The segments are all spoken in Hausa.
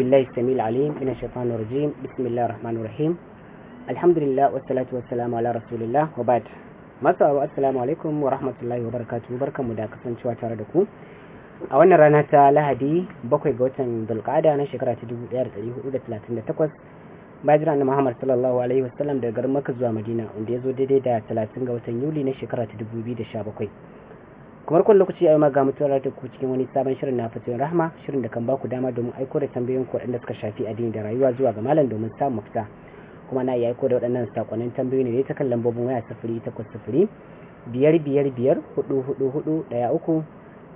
بالله السميع العليم من الشيطان الرجيم بسم الله الرحمن الرحيم الحمد لله والصلاة والسلام على رسول الله وبعد masu assalamu wa da kasancewa tare da ku a wannan rana ta lahadi bakwai ga watan dulqada na shekara ta 1438 bayan na muhammad sallallahu alaihi wasallam daga garin zuwa madina wanda ya zo daidai da 30 ga watan yuli na kamar kwan lokaci a ma ga mutuwar da ku cikin wani sabon shirin na fatoyin rahma shirin da kan ba ku dama domin aiko da tambayoyin ku waɗanda suka shafi addini da rayuwa zuwa ga malam domin samun mafita kuma na iya aiko da waɗannan sakonnin tambayoyi ne ta kan lambobin waya sifiri takwas sifiri biyar biyar biyar hudu hudu hudu ɗaya uku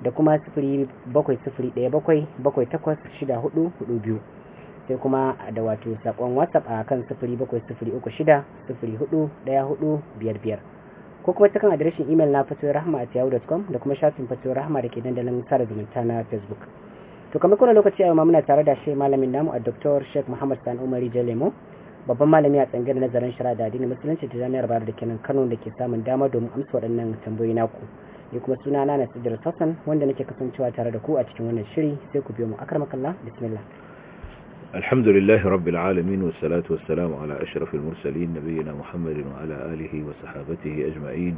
da kuma sifiri bakwai sifiri ɗaya bakwai bakwai takwas shida hudu hudu biyu sai kuma da wato sakon whatsapp a kan sifiri bakwai sifiri uku shida sifiri hudu ɗaya hudu biyar biyar ko kuma ta kan adireshin imel na fatoyin rahama a tiyawu.com da kuma shafin fatoyin rahama da ke dandalin sada zumunta na facebook to kamar kuna lokaci a yau muna tare da shi malamin namu a dr sheikh muhammad sani umari jalemo babban malami a tsangiyar nazarin shara da addinin musulunci ta jami'ar bayar da kenan kano da ke samun dama domin amsa waɗannan tambayoyi naku ni kuma suna na na sidir sassan wanda nake kasancewa tare da ku a cikin wannan shiri sai ku biyo mu akar makalla bismillah الحمد لله رب العالمين والصلاة والسلام على أشرف muhammadin نبينا محمد وعلى آله وصحابته أجمعين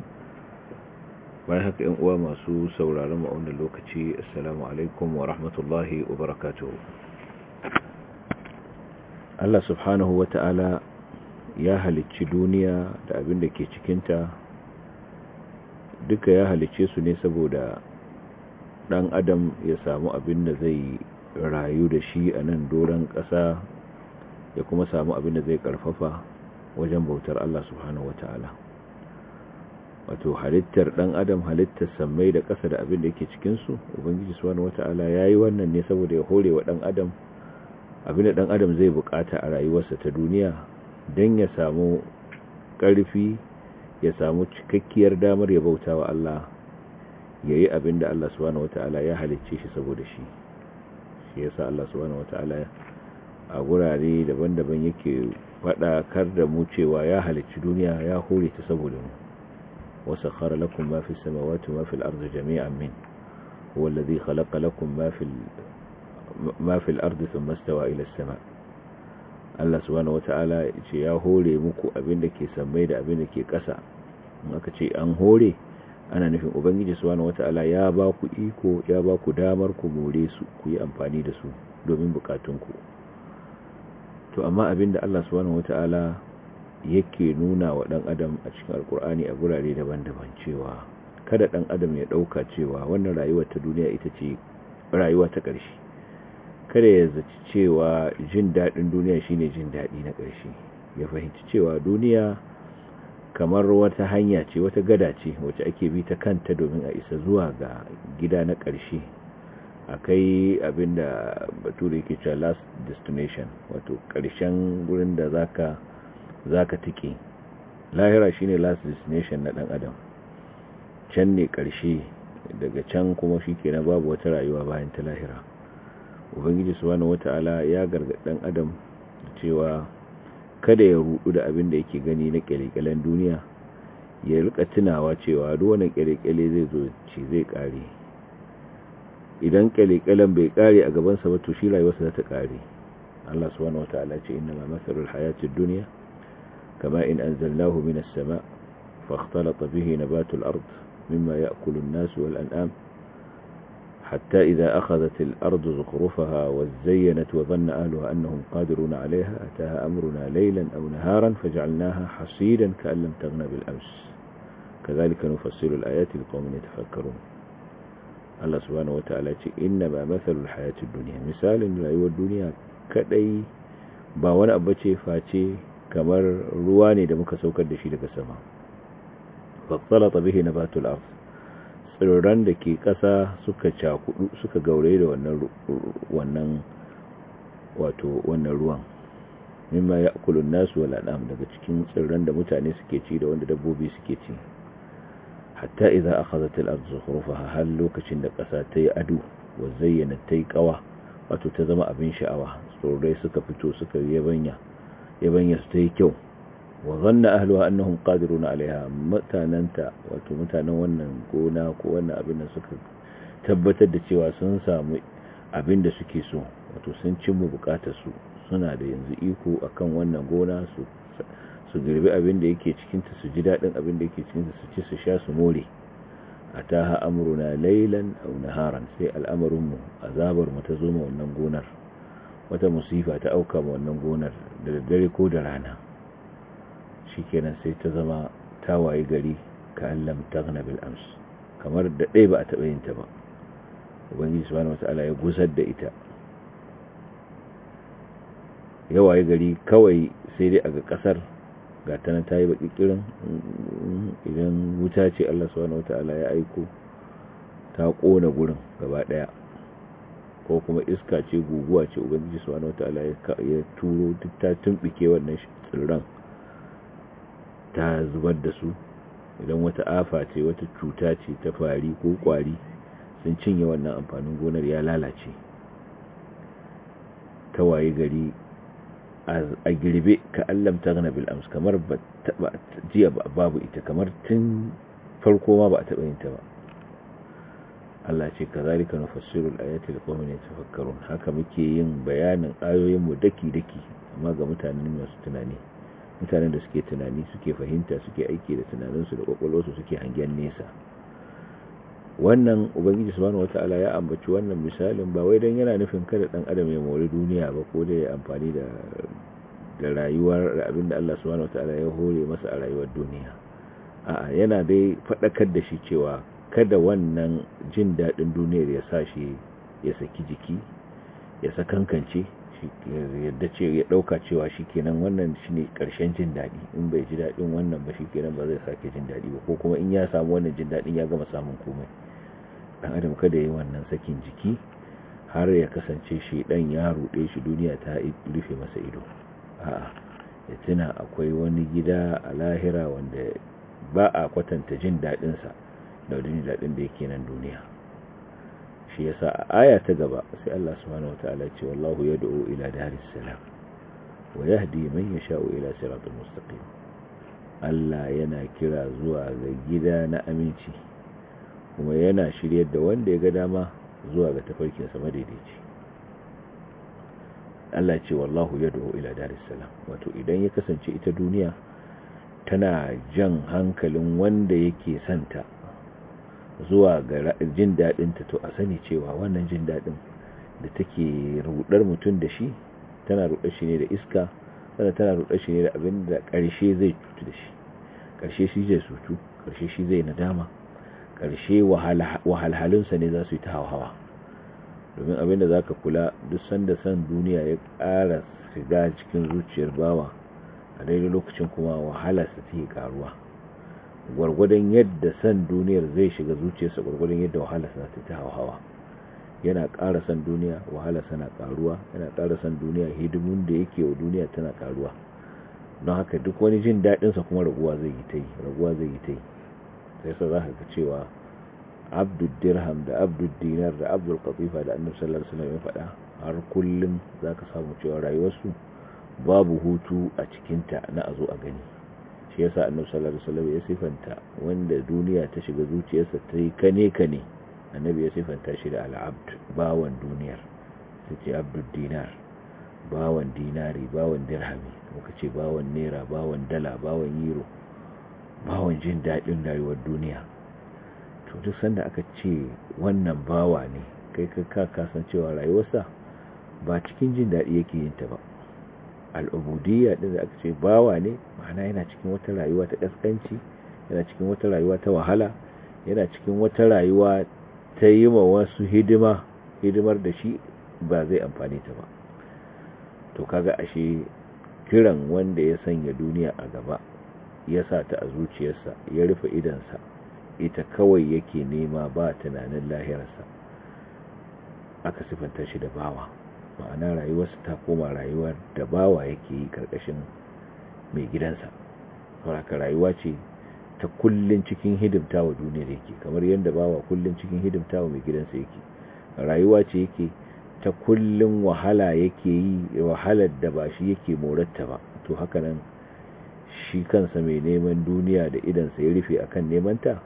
bayan haka ‘yan uwa masu sauraron ma'aunin lokaci assalamu alaikum wa rahmatullahi wa Allah subhanahu wa ta'ala ya halicci duniya da abin da ke cikinta duka ya halicci su ne saboda ɗan adam ya samu abin da zai yi. rayu da shi a nan doron ƙasa ya kuma samu abin da zai karfafa wajen bautar Allah subhanahu wata'ala wato halittar ɗan adam halittar sammai da ƙasa da abin da yake cikinsu ubangiji subhanahu wata'ala ya yi wannan ne saboda ya hore wa ɗan adam abin da ɗan adam zai buƙata a rayuwarsa ta duniya don ya samu ƙarfi ya samu cikakkiyar damar ya bauta wa Allah ya yi abin da Allah subhanahu wata'ala ya halicce shi saboda shi sarki yasa Allah subhanahu wataala a gurare daban-daban yake fada kar da mu cewa ya halicci duniya ya hore ta saboda mu wasakhara lakum ma fis samawati ma fil ardi jami'an min huwa alladhi khalaqa lakum ma fil ma fil ardi thumma istawa ila as-sama' Allah subhanahu wataala ya hore muku abin da ke sammai da abin da ke ƙasa in aka ce an hore ana nufin ubangiji subhanahu wataala ya ba ku iko ya ba ku damar ku more su ku yi amfani da su domin bukatunku to amma abinda Allah subhanahu wataala yake nuna wa dan adam a cikin alkur'ani a gurare daban-daban cewa kada dan adam ya dauka cewa wannan rayuwar ta duniya ita ce rayuwa ta karshe kada ya zaci cewa jin daɗin duniya shine jin daɗi na karshe ya fahimci cewa duniya kamar wata hanya ce wata gada ce wacce ake bi ta kanta domin a isa zuwa ga gida na ƙarshe akai abinda bature yake cewa last destination wato ƙarshen gurin da zaka zaka tike lahira shine last destination na dan adam can ne ƙarshe daga can kuma shikenan babu wata rayuwa bayan ta lahira ubangiji subhanahu wataala ya gargaɗi adam cewa kada ya rudu da abin da yake gani na kyalekyalen duniya ya rika tunawa cewa duk wani kyale zai zo ce zai kare idan kyalekyalen bai kare a gabansa ba to shi rayuwarsa za ta kare Allah subhanahu wataala ce inna ma masalul hayatid dunya kama in anzalnahu minas sama' bihi nabatul نبات الأرض مما nasu wal an'am حتى إذا أخذت الأرض زخرفها وزينت وظن أهلها أنهم قادرون عليها أتاها أمرنا ليلا أو نهارا فجعلناها حصيدا كأن لم تغنى بالأمس كذلك نفصل الآيات لقوم يتفكرون الله سبحانه وتعالى إنما مثل الحياة الدنيا مثال رأيوة الدنيا كأي باوان أبتي فاتي كمر رواني دمك سوكر دشي سما فاختلط به نبات الأرض tsirran da ke ƙasa suka cakudu suka gaure da wannan wato wannan ruwan mimma ya kulun nasu wal daga cikin tsirran da mutane suke ci da wanda dabbobi suke ci hatta idza akhadhat al-ard zukhrufaha hal lokacin da ƙasa ta yi ado wa zayyana ta yi ƙawa wato ta zama abin sha'awa tsirrai suka fito suka yabanya yabanya su ta yi kyau wa zanna ahluha annahum qadiruna alaiha mutananta wato mutanen wannan gona ko wannan abin da suka tabbatar da cewa sun samu abin da suke so wato sun cimma bukatar su suna da yanzu iko akan wannan gona su su girbi abin da yake cikin ta su ji dadin abin da yake cikin ta su ci su sha su more ataha amruna laylan aw naharan sai al'amarin mu azabar mu ta zo ma wannan gonar wata musifa ta auka ma wannan gonar da dare ko da rana shikenan sai ta zama ta waye gari ka allam bil ams kamar da dai ba a taɓa yin ta ba ubangiji subhanahu wataala ya gusar da ita ya waye gari kawai sai dai a ga kasar ga ta nan ta yi baki idan wuta ce Allah subhanahu wataala ya aiko ta kona gurin gaba daya ko kuma iska ce guguwa ce ubangiji subhanahu wataala ya turo duk ta tumbike wannan tsirran ta zubar da su idan wata afa ce wata cuta ce ta fari ko kwari sun cinye wannan amfanin gonar ya lalace ta waye gari a girbe ka allam ta gana bil'ams kamar ba jiya babu ita kamar tun farko ma ba a taɓa yin ta ba Allah ce ka zalika na fassirul ayati da kwamin ya tafakkarun haka muke yin bayanin ayoyinmu daki-daki amma ga mutanen masu tunani mutanen da suke tunani suke fahimta suke aiki da tunaninsu da su suke hangen nesa wannan ubangiji subhanahu wata'ala ya ambaci wannan misalin ba wai dan yana nufin kada dan adam ya mori duniya ba ko dai amfani da da rayuwar da abinda Allah subhanahu wata'ala ya hore masa a rayuwar duniya a'a yana dai fadakar da shi cewa kada wannan jin dadin duniyar ya sa shi ya saki jiki ya sakankance da ce ya ɗauka cewa shi kenan wannan shi karshen ƙarshen jin daɗi in bai ji daɗin wannan ba shi ba zai sake jin daɗi ba ko kuma in ya samu wannan jin daɗin ya gama samun komai ɗan adam kada ya yi wannan sakin jiki har ya kasance shi ɗan ya ruɗe shi duniya ta rufe masa ido a'a ya tuna akwai wani gida a lahira wanda ba a kwatanta jin daɗinsa da jin daɗin da yake nan duniya shi yasa a aya ta gaba sai Allah subhanahu wataala ce wallahu yad'u ila daris salam wa yahdi man yasha'u ila siratil mustaqim Allah yana kira zuwa ga gida na aminci kuma yana shiryar da wanda ya ga dama zuwa ga tafarkin sa madaidaici Allah ce wallahu yad'u ila daris salam wato idan ya kasance ita duniya tana jan hankalin wanda yake santa zuwa ga jin daɗinta to a sani cewa wannan jin daɗin da take rudar mutum da shi tana rudar shi ne da iska tana tana rudar shi ne da abin da ƙarshe zai cutu da shi ƙarshe shi zai sutu ƙarshe shi zai nadama ƙarshe wahalhalunsa ne za su yi ta hawa domin abin da za ka kula duk sanda san duniya ya ƙara shiga cikin zuciyar bawa a daidai lokacin kuma wahalarsa ta yi ƙaruwa gwargwadon yadda san duniyar zai shiga zuciyarsa gwargwadon yadda wahala sana ta hawa yana ƙara san duniya wahala sana ƙaruwa yana ƙara san duniya hidimin da yake wa duniya tana ƙaruwa don haka duk wani jin daɗinsa kuma raguwa zai yi ta yi raguwa zai yi ta yi sai sa za ka ga cewa abdul dirham da abdul dinar da abdul qatifa da annabi sallallahu alaihi wasallam faɗa har kullum za ka samu cewa rayuwarsu babu hutu a cikinta na a zo a gani shi yasa annabi sallallahu alaihi wasallam ya sifanta wanda duniya ta shiga zuciyarsa ta yi kane kane annabi ya sifanta shi da al'abd bawan duniyar sai abdul dinar bawan dinari bawan dirhami muka ce bawan naira bawan dala bawan euro bawan jin daɗin rayuwar duniya to duk sanda aka ce wannan bawa ne kai ka kasancewa rayuwarsa ba cikin jin daɗi yake yin ta ba al'ubudiyya din da aka ce bawa ne ma'ana yana cikin wata rayuwa ta kaskanci yana cikin wata rayuwa ta wahala yana cikin wata rayuwa ta yi ma wasu hidima hidimar da shi ba zai amfani ta ba to kaga ashe kiran wanda ya sanya duniya a gaba ya sa ta a zuciyarsa ya rufe idansa ita kawai yake nema ba tunanin lahirarsa aka sifanta shi da bawa ma'ana rayuwarsa ta koma rayuwar da bawa yake yi karkashin mai gidansa sauraka rayuwa ce ta kullun cikin hidimta wa duniyar yake kamar yadda bawa kullun cikin hidimta wa mai gidansa yake rayuwa ce yake ta kullun wahala yake yi wahalar da ba shi yake moratta ba to haka nan shi kansa mai neman duniya da idansa ya rufe akan nemanta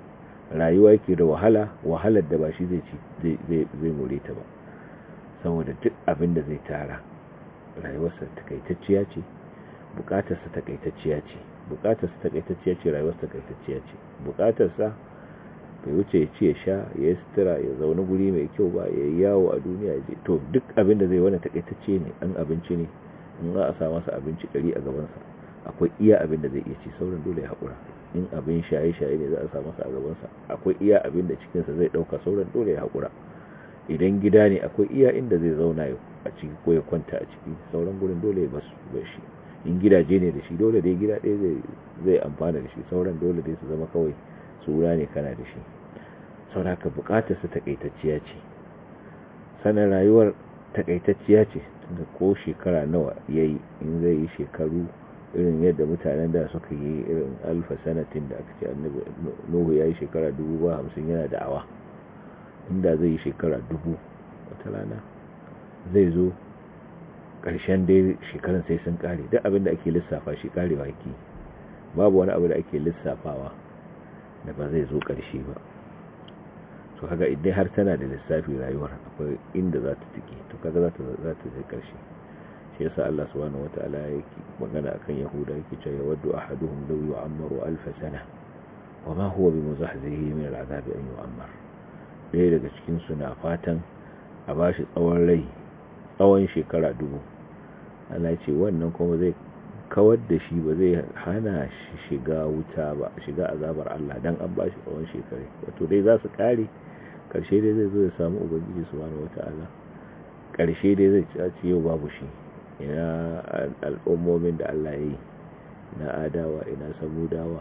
rayuwa yake da wahala wahalar da ba shi zai more ba saboda duk abin da zai tara rayuwarsa takaitacciya ce bukatarsa takaitacciya ce bukatarsa takaitacciya ce rayuwarsa takaitacciya ce bukatarsa bai wuce ya ci ya sha ya yi sutura ya zaune guri mai kyau ba ya yi yawo a duniya ya je to duk abin da zai wani takaitacce ne an abinci ne in za a sa masa abinci ɗari a gabansa akwai iya abin da zai iya ci sauran dole ya haƙura in abin shaye-shaye ne za a sa masa a gabansa akwai iya abin da cikinsa zai ɗauka sauran dole ya haƙura idan gida ne akwai iya inda zai zauna a ciki ko ya kwanta a ciki sauran gurin dole ya basu shi in gidaje ne da shi dole dai gida ɗaya zai amfana da shi sauran dole dai su zama kawai su wura ne kana da shi ka bukatar su takaitacciya ce sanar rayuwar takaitacciya ce da ko shekara nawa ya yi in zai yi shekaru irin yadda mutanen da suka yi irin alfa sanatin da aka ce annabi nuhu yi shekara dubu hamsin yana da'awa inda zai yi shekara dubu wata rana zai zo ƙarshen dai shekarun sai sun ƙare duk abin da ake lissafa shi ƙarewa yake babu wani abu da ake lissafawa da ba zai zo ƙarshe ba to kaga idan har tana da lissafi rayuwar akwai inda za ta tike to kaga za ta zai ƙarshe shi yasa Allah subhanahu wataala yake magana akan yahuda yake cewa yawaddu ahaduhum law yu'ammaru alf sana wa ma huwa bimuzahzihi min al'adabi an yu'ammar ɗaya daga cikinsu na fatan a ba shi tsawon rai tsawon shekara dubu ana ce wannan kuma zai kawar da shi ba zai hana shi shiga wuta ba shiga azabar Allah dan an ba shi tsawon shekara wato dai za su kare karshe dai zai zo ya samu ubangiji subhanahu wataala karshe dai zai ci yau babu shi ina al'ummomin da Allah ya yi na adawa ina dawa.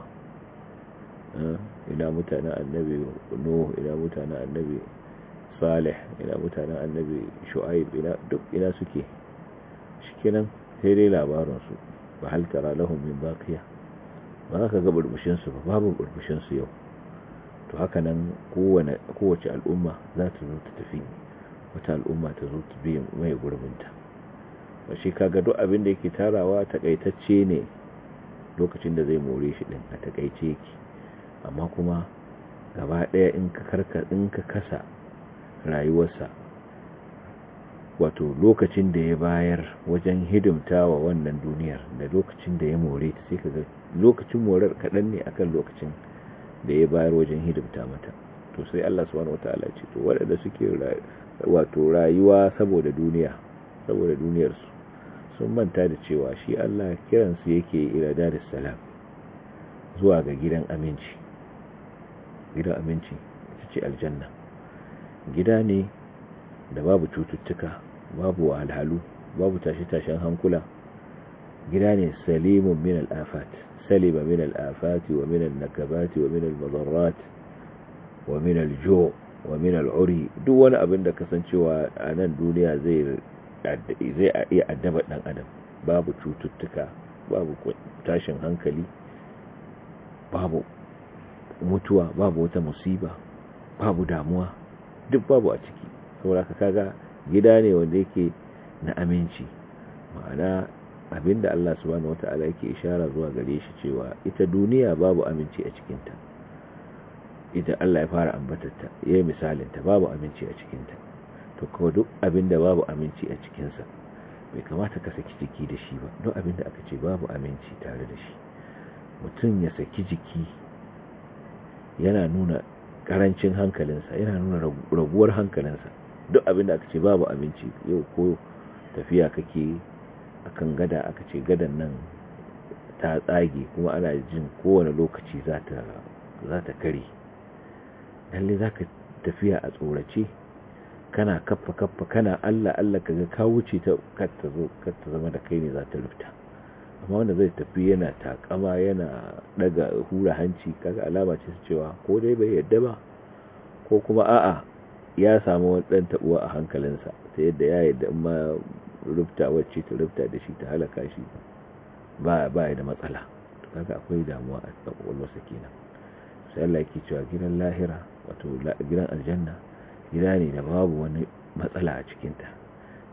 ina mutanen annabi nuh ina mutanen annabi salih ina mutanen annabi shu'aib ina duk ila suke shikenan sai dai labarin su ba hal tara lahum min baqiya ba ka ga burbushin ba babu burbushin yau to haka nan kowane kowace al'umma za ta zo ta tafi wata al'umma ta zo ta bi mai gurbinta ba shi kaga duk abin da yake tarawa takaitacce ne lokacin da zai more shi din a takaice yake amma kuma gaba ɗaya in ka karka in ka kasa rayuwarsa wato lokacin da ya bayar wajen hidimta wa wannan duniyar da lokacin da ya more ta sai ka ga lokacin morar kaɗan ne akan lokacin da ya bayar wajen hidimta mata to sai Allah subhanahu wataala ce to waɗanda suke wato rayuwa saboda duniya saboda duniyarsu sun manta da cewa shi Allah kiransu yake irada da salam zuwa ga gidan aminci gidan aminci ita ce aljanna gida ne da babu cututtuka babu wahalhalu babu tashe-tashen hankula gida ne salimun min al'afat salima min al'afat wa min al-nakabati wa min al-madarrat wa min al-jo wa min al-uri duk wani abin da kasancewa a nan duniya zai iya addaba dan adam babu cututtuka babu tashin hankali babu mutuwa babu wata musiba babu damuwa duk babu a ciki saboda ka kaga gida ne wanda yake na aminci ma'ana abinda Allah subhanahu wata'ala yake ishara zuwa gare shi cewa ita duniya babu aminci a cikinta idan Allah ya fara ambatarta ya yi misalinta babu aminci a cikinta to kawai duk abinda babu aminci a cikinsa bai kamata ka saki jiki da shi ba duk abinda aka ce babu aminci tare da shi mutum ya saki jiki yana nuna karancin hankalinsa yana nuna raguwar hankalinsa duk abinda aka ce babu abinci yau ko tafiya kake akan gada aka ce gadan nan ta tsage kuma ana jin kowane lokaci za ta kare lalle za ka tafiya a tsorace kana kaffa kaffa kana allah allah ka ga ka wuce ta zama da kai ne za ta rufta amma wanda zai tafi yana takama yana daga hura hanci kaga alama ce cewa ko dai bai yadda ba ko kuma a'a ya samu dan tabuwa a hankalinsa ta yadda ya yadda in ma rubta wacce ta rubta da shi ta halaka shi ba ba da matsala kaga akwai damuwa a kwakwalwarsa kenan sai Allah yake cewa gidan lahira wato gidan aljanna gida ne da babu wani matsala a cikinta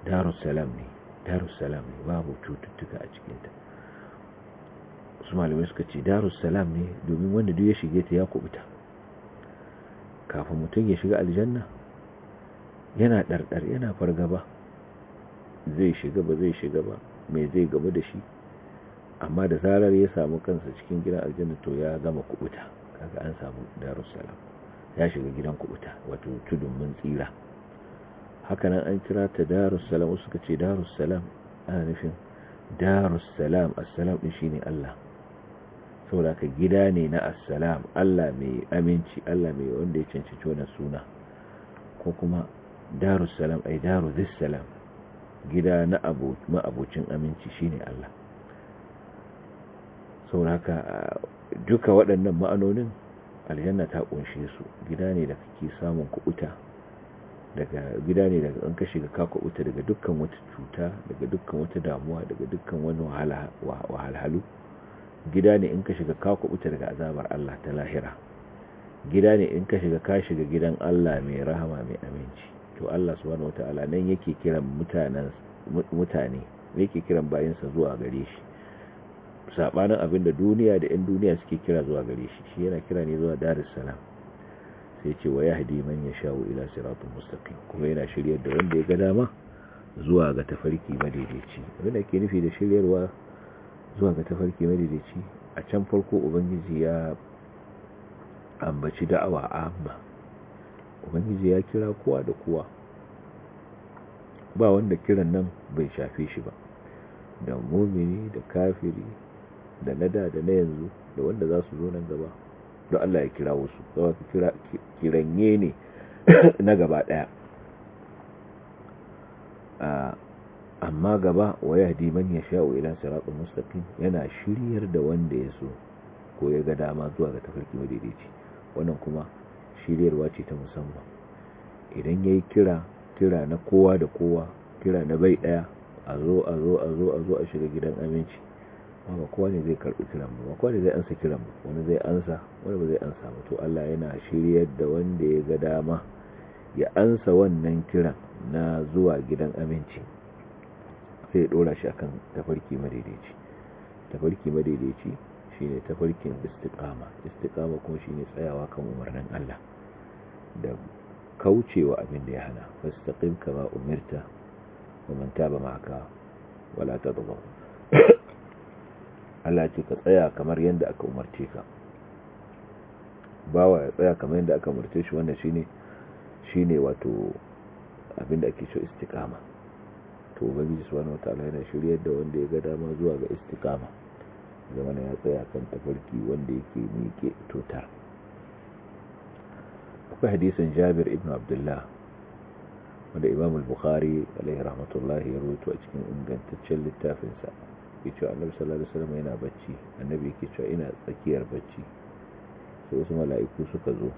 darussalam ne darussalam ne babu cututtuka a cikinta su malamai suka ce darussalam ne domin wanda duk ya shige ta ya kubuta kafin mutum ya shiga aljanna yana ɗarɗar yana fargaba zai shiga ba zai shiga ba mai zai gaba da shi amma da zarar ya samu kansa cikin gidan aljanna to ya gama kubuta kaga an samu darussalam ya shiga gidan kubuta wato tudun mun tsira hakanan an kira ta darussalam suka ce darussalam ana nufin darussalam assalam din ne Allah saboda ka gida ne na assalam Allah mai aminci Allah mai wanda ya cancanci wannan suna ko kuma salam ai daru salam gida na ma'abocin aminci shine Allah saboda haka duka waɗannan ma'anonin aljanna ta kunshe su gida ne da kake samun kubuta daga gida ne daga an kashe ka kubuta daga dukkan wata cuta daga dukkan wata damuwa daga dukkan wani wahalhalu gida ne in ka shiga ka kubuta daga azabar Allah ta lahira gida ne in ka shiga ka shiga gidan Allah mai rahama mai aminci to Allah subhanahu wataala nan yake kiran mutanen mutane yake kiran bayinsa zuwa gare shi sabanin abin da duniya da 'yan duniya suke kira zuwa gare shi shi yana kira ne zuwa darus salam sai ce wa yahdi man yashau ila siratul mustaqim kuma yana shiryar da wanda ya ga dama zuwa ga tafarki madaidaici wanda ke nufi da shiryarwa zuwa ga tafarki madaidaici a can farko ubangiji ya ambaci da'awa amma ubangiji ya kira kowa da kowa ba wanda kiran nan bai shafe shi ba da mumini da kafiri da nada da na yanzu da wanda za su zo nan gaba don Allah ya kira wasu zama ka kiranye ne na gaba daya ah, amma gaba wa yahdi man wa ila siratal mustaqim yana shiryar da wanda ya so ko ya ga dama zuwa ga tafarki madaidaici wannan kuma shiryarwa ce ta musamman idan yayi kira kira na kowa da kowa kira na bai daya a zo a zo a zo a zo a shiga gidan aminci ba kowa ne zai karbi kiran ba kowa ne zai ansa kiran mu, wani zai ansa wani ba zai ansa ba to Allah yana shiryar da wanda ya ga dama ya ansa wannan kiran na zuwa gidan aminci sai ya dora shi akan tafarki madaidaici tafarki madaidaici shine tafarkin istiqama istiqama kuma shine tsayawa kan umarnin Allah da kaucewa abin da ya hana fastaqim kama umirta wa man taba ma'aka wala tadhlu Allah ce ka tsaya kamar yadda aka umarce ka bawa ya tsaya kamar yadda aka umarce shi wannan shine shine wato abin da ake so istiqama to ubangiji subhanahu wata yana shirya da wanda ya ga dama zuwa ga istikama. zamana ya tsaya kan tafarki wanda yake miƙe tuta akwai hadisin jabir ibn abdullah wanda imam al-bukhari alaihi rahmatullahi ya rubuta a cikin ingantaccen littafinsa ke cewa annabi sallallahu alaihi wasallam yana bacci annabi ke cewa ina tsakiyar bacci sai wasu mala'iku suka zo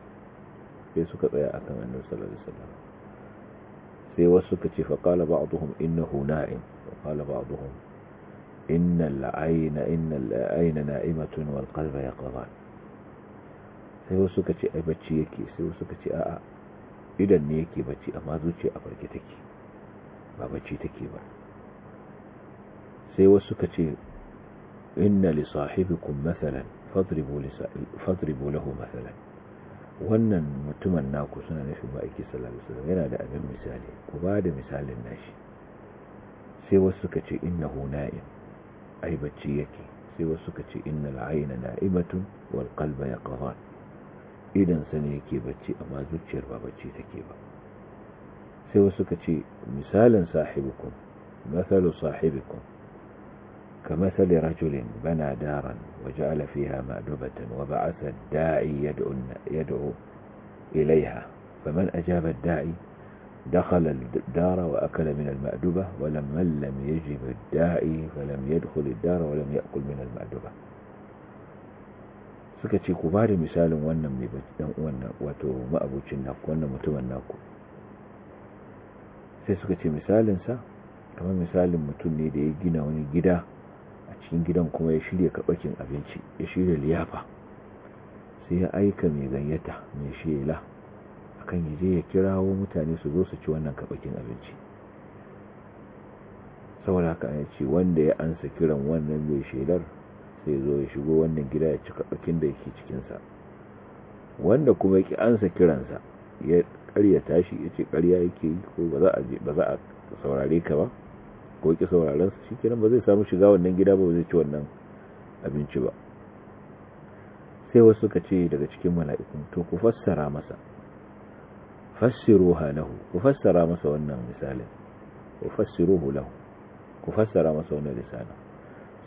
sai suka tsaya akan annabi sallallahu alaihi sai wasu suka ce faƙala ba abuhun inna huna'in faƙala ba abuhun inna la'ayina inna la'ayina na'imatun wal ya yaqaban sai wasu suka ce ai bacci yake sai wasu suka ce a'a idan ne yake bacci amma zuciya a farke take ba bacci take ba sai wasu suka ce inna li matsalan mathalan fadribu lahu mathalan wannan mutumin naku suna nufin ma'aiki sallallahu alaihi yana da abin misali ku ba da misalin nashi sai wasu suka ce ina hunayen aibacci yake sai wasu suka ce innal na na'imatun wal ya yaqwan idan sani yake bacci amma zuciyar ba bacci take ba sai wasu suka ce misalin sahibikum mathalu sahibikum كمثل رجل بنى دارا وجعل فيها مأدبة وبعث الداعي يدعو, يدعو إليها فمن أجاب الداعي دخل الدار وأكل من المأدبة ولمن لم يجب الداعي فلم يدخل الدار ولم يأكل من المأدبة suka ce ku ba da misalin wannan mai dan wannan wato ma'abucin naku wannan mutumin naku sai suka ce misalinsa kamar misalin mutum ne da ya gina wani gida cikin gidan kuma ya shirya kaɓakin abinci ya shirya liyafa sai ya aika mai ganyata mai shela akan yaje ya kirawo mutane su zo su ci wannan kaɓakin abinci saboda haka ya ce wanda ya ansa kiran wannan mai shelar sai zo ya shigo wannan gida ya ci kaɓakin da yake cikinsa wanda kuma ya ki ansa kiransa ya karya tashi ya ce ƙarya yake yi ko ba za a saurare ka ba ko ki sauraron su shikenan ba zai samu shiga wannan gida ba zai ci wannan abinci ba sai wasu suka ce daga cikin mala'ikun to ku fassara masa fassiruha lahu ku fassara masa wannan misalin ku fassiruhu lahu ku fassara masa wannan lisana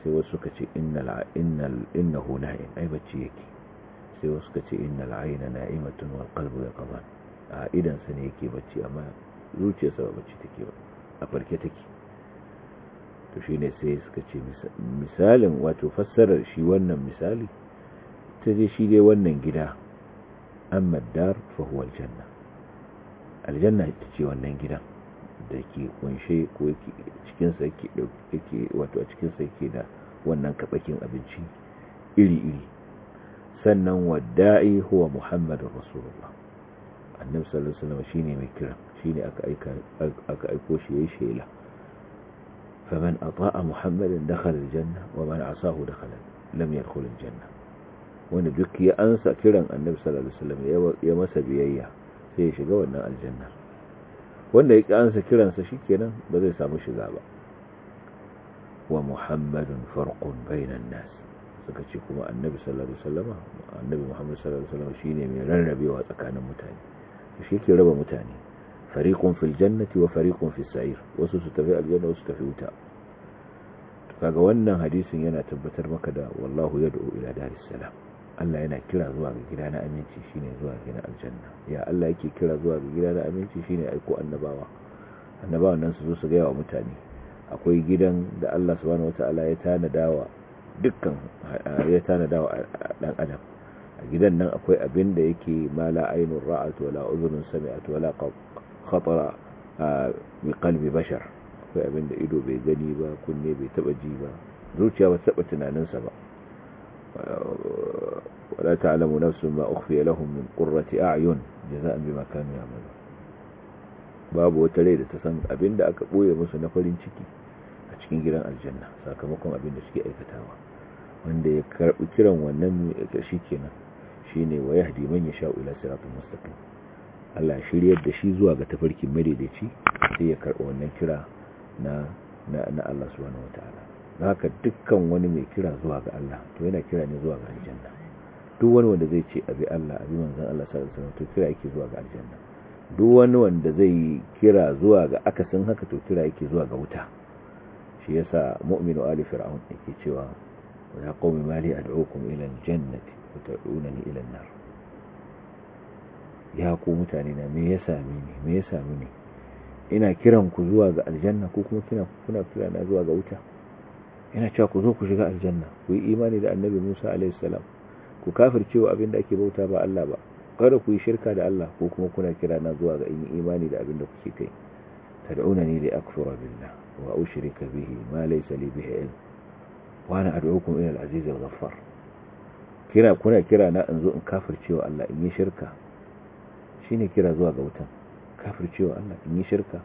sai wasu suka ce innal innal innahu na'im ai bacci yake sai wasu suka ce innal ayna na'imatun wal qalbu yaqban a idan sa ne yake bacci amma zuciyarsa ba bacci take ba a farke take to shi ne sai suka ce misalin wato fassarar shi wannan misali ta je shi dai wannan gida an dar fahuwar janna aljanna ta ce wannan gidan da ke kunshe ko cikinsa yake wato a cikinsa yake da wannan kaɓakin abinci iri-iri sannan wadda'i huwa Muhammadu rasulullah annabi sallallahu alaihi wasallam shine mai kira shine aka aika aka aiko shi yayin shela فمن أطاء محمدا دخل الجنة ومن عصاه دخل لم يدخل الجنة wanda duk ya ansa kiran annabi sallallahu alaihi ya masa biyayya sai ya shiga wannan aljanna wanda ya ansa kiransa shikenan ba zai samu shiga ba wa Muhammadu farqun bainan nas suka ce kuma annabi sallallahu alaihi annabi muhammad sallallahu shine mai rarrabewa tsakanin mutane shi ke raba mutane فريق في الجنة wa في السعير wasu su tafi aljanna wasu tafi wuta kaga wannan hadisin yana tabbatar maka da wallahu yad'u ينا كلا salam Allah yana kira zuwa ga gida na aminci shine zuwa gida aljanna ya Allah yake kira zuwa ga gida na aminci shine aiko annabawa annabawan nan su zo su gaya wa mutane akwai gidan da ya tanadawa dukkan ya tanadawa dan adam a gidan nan akwai abin da yake mala ainun ra'at wala udhunun sami'at wala qab khatara mai kalbi bashar akwai abin da ido bai gani ba kunne bai taba ji ba zuciya ba taba tunaninsa ba wala ta'lamu nafsun ma ukhfiya lahum min qurrati a'yun jaza'an bima kanu ya'malun babu wata rai da ta san abin da aka boye musu na farin ciki a cikin gidan aljanna sakamakon abin da suke aikatawa wanda ya karbi kiran wannan shi kenan shine wa yahdi man yasha'u ila siratal mustaqim Allah shiryar da shi zuwa ga tafarkin madaidaici sai ya karɓa wannan kira na na Allah subhanahu wataala haka dukkan wani mai kira zuwa ga Allah to yana kira ne zuwa ga aljanna duk wani wanda zai ce abi Allah abi manzon Allah sallallahu alaihi wasallam to kira yake zuwa ga aljanna duk wani wanda zai kira zuwa ga akasin haka to kira yake zuwa ga wuta shi yasa mu'minu ali fir'aun yake cewa ya qaumi mali ad'ukum ila aljannati jannati wa tad'unani ila an-nar ya ku mutane na me ya sami ni me ya sami ni ina kiran ku zuwa ga aljanna ko kuma kina kuna kira na zuwa ga wuta ina cewa ku zo ku shiga aljanna ku yi imani da annabi Musa alaihi salam ku kafircewa abin da ake bauta ba Allah ba kada ku yi shirka da Allah ko kuma kuna kira na zuwa ga yin imani da abin da kuke kai tad'unani li akfura billah wa ushrika bihi ma laysa li bihi ilm wa ana ad'ukum ila al-aziz al-ghaffar kira kuna kira na in zo in kafircewa Allah in yi shirka shine kira zuwa ga wutan cewa Allah in yi shirka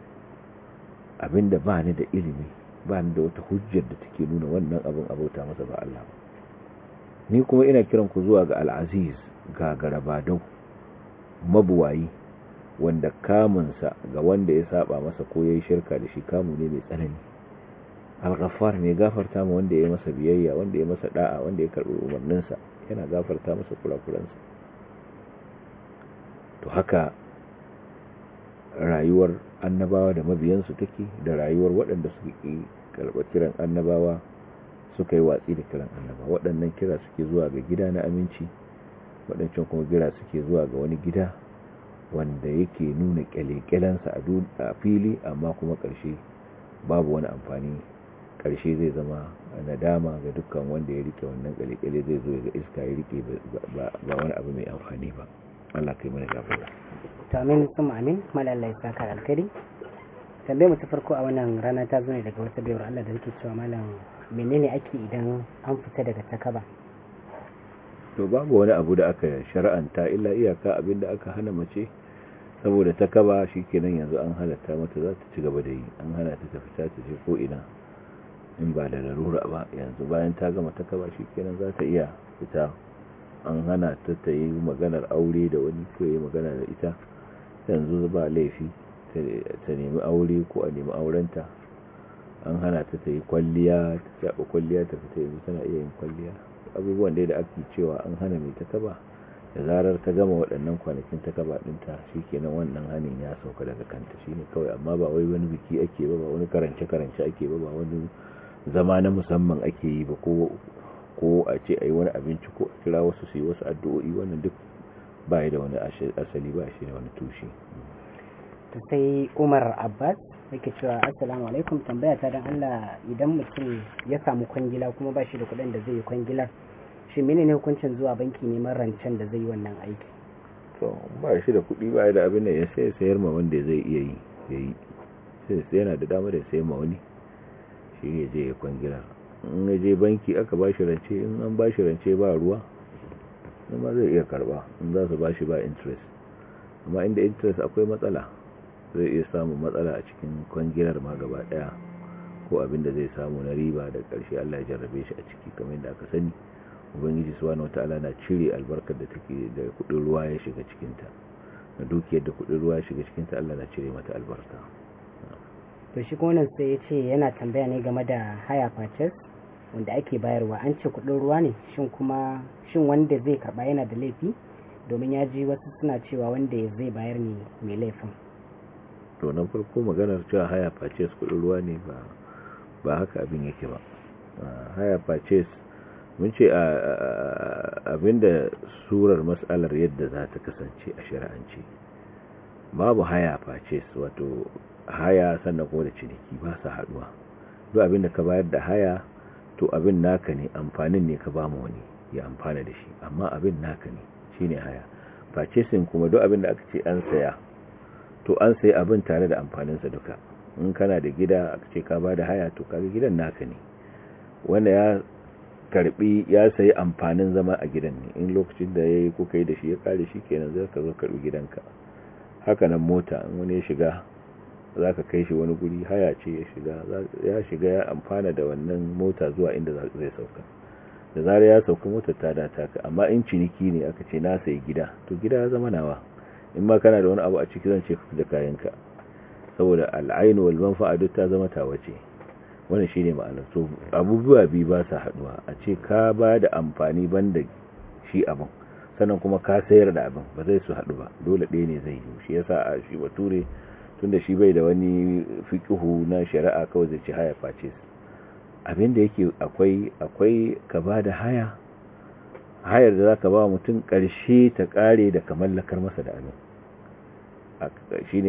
abinda ba ni da ilimi ba ni da wata hujjar da take nuna wannan abin abauta masa ba Allah ni kuma ina kiran ku zuwa ga al'aziz ga garabadau mabuwayi wanda kamunsa ga wanda ya saba masa ko ya yi shirka da shi kamu ne mai tsanani al-ghaffar mai gafarta ma wanda ya masa biyayya wanda ya masa da'a wanda ya umarnin umarninsa yana gafarta masa kurakuransa to haka rayuwar annabawa da mabiyansu take da rayuwar waɗanda suke karɓa kiran annabawa suka yi watsi da kiran annabawa waɗannan kira suke zuwa ga gida na aminci waɗancan kuma kira suke zuwa ga wani gida wanda yake nuna ƙyalƙyalansa a fili amma kuma ƙarshe babu wani amfani ƙarshe zai zama nadama ga dukkan wanda ya rike wannan kyalekyale zai zo ga iska ya rike ba wani abu mai amfani ba Allah kai mana gafara to amin sun amin ya alkari tambayar mu ta farko a wannan rana ta zo ne daga wata bayar Allah da yake cewa malam menene ake idan an fita daga takaba to babu wani abu da aka shar'anta illa iyaka abin da aka hana mace saboda takaba shikenan yanzu an halatta mata za ta ci gaba da yi an hana ta ta fita ta je ko ina in ba da larura ba yanzu bayan ta gama takaba shikenan za ta iya fita an hana ta ta yi maganar aure da wani ko yi magana da ita yanzu ba laifi ta nemi aure ko a nemi aurenta an hana ta ta yi kwalliya ta shaɓa kwalliya ta fita yanzu tana iya yin kwalliya abubuwan dai da ake cewa an hana mai takaba da zarar ta gama waɗannan kwanakin takaba ɗinta shi kenan wannan hanin ya sauka daga kanta shi ne kawai amma ba wai wani biki ake ba ba wani karance-karance ake ba ba wani zama na musamman ake yi ba ko ko a ce a yi wani abinci ko a kira wasu su yi wasu addu'o'i wannan duk ba da wani asali ba shi ne wani tushe ta sai umar abbas yake cewa assalamu alaikum tambaya ta dan allah idan mutum ya samu kwangila kuma ba shi da kuɗin da zai yi kwangila shi ne hukuncin zuwa banki neman rancen da zai yi wannan aiki to ba shi da kudi ba da abin da ya sai sayar ma wanda zai iya yi yayi sai yana da dama da sayar ma wani shi ne zai yi kwangila. in ya je banki aka ba shi rance in an ba shi rance ba ruwa amma zai iya karba in za su ba shi ba interest amma inda interest akwai matsala zai iya samun matsala a cikin kwangilar ma gaba daya ko abin da zai samu na riba da karshe Allah ya jarrabe shi a ciki kamar yadda aka sani ubangiji subhanahu wataala na cire albarkar da take da kudin ruwa ya shiga cikin ta na dukiyar da kudin ruwa ya shiga cikin Allah na cire mata albarka to shi kuma sai ya ce yana tambaya ne game da haya purchase wanda ake bayarwa an ce kudin ruwa ne shin kuma shin wanda zai karba yana da laifi domin ya ji wasu suna cewa wanda zai bayar ne mai laifin to nan farko maganar cewa haya purchase kudin ruwa ne ba haka abin yake ba ah, haya purchase mun ce ah, ah, da surar matsalar yadda za ta kasance a shari'ance babu haya face wato haya sannan kuma da ciniki ba su haduwa duk abinda ka bayar da haya to abin naka ne amfanin ne ka ba mu wani ya amfana da shi amma abin naka ne shine haya purchasing kuma duk abin da aka ce an saya to an sayi abin tare da amfaninsa duka in kana da gida aka ce ka ba da haya to kaga gidan naka ne wanda ya karbi ya sayi amfanin zama a gidan ne in lokacin da yayi kuka yi da shi ya kare shi kenan zai ka zo karbi gidanka haka nan mota in wani ya shiga za ka kai shi wani guri haya ce ya shiga ya shiga ya amfana da wannan mota zuwa inda zai sauka da zarar ya sauka motar ta data ka amma in ciniki ne aka ce na sayi gida to gida ya zama nawa in ma kana da wani abu a ciki zan ce ka da kayanka saboda al'ainu wal manfa'a duk ta zama ta wace wannan shine ma'ana so abubuwa bi ba sa haduwa a ce ka ba da amfani banda shi abin sannan kuma ka sayar da abin ba zai su haɗu ba dole ɗaya ne zai yi shi yasa a shi bature tunda shi bai da wani fiƙihu na shari'a kawai zai ci haya face su abinda yake akwai akwai ka ba da haya hayar da zaka ba mutum ƙarshe ta ƙare da ka mallakar masa da abin shi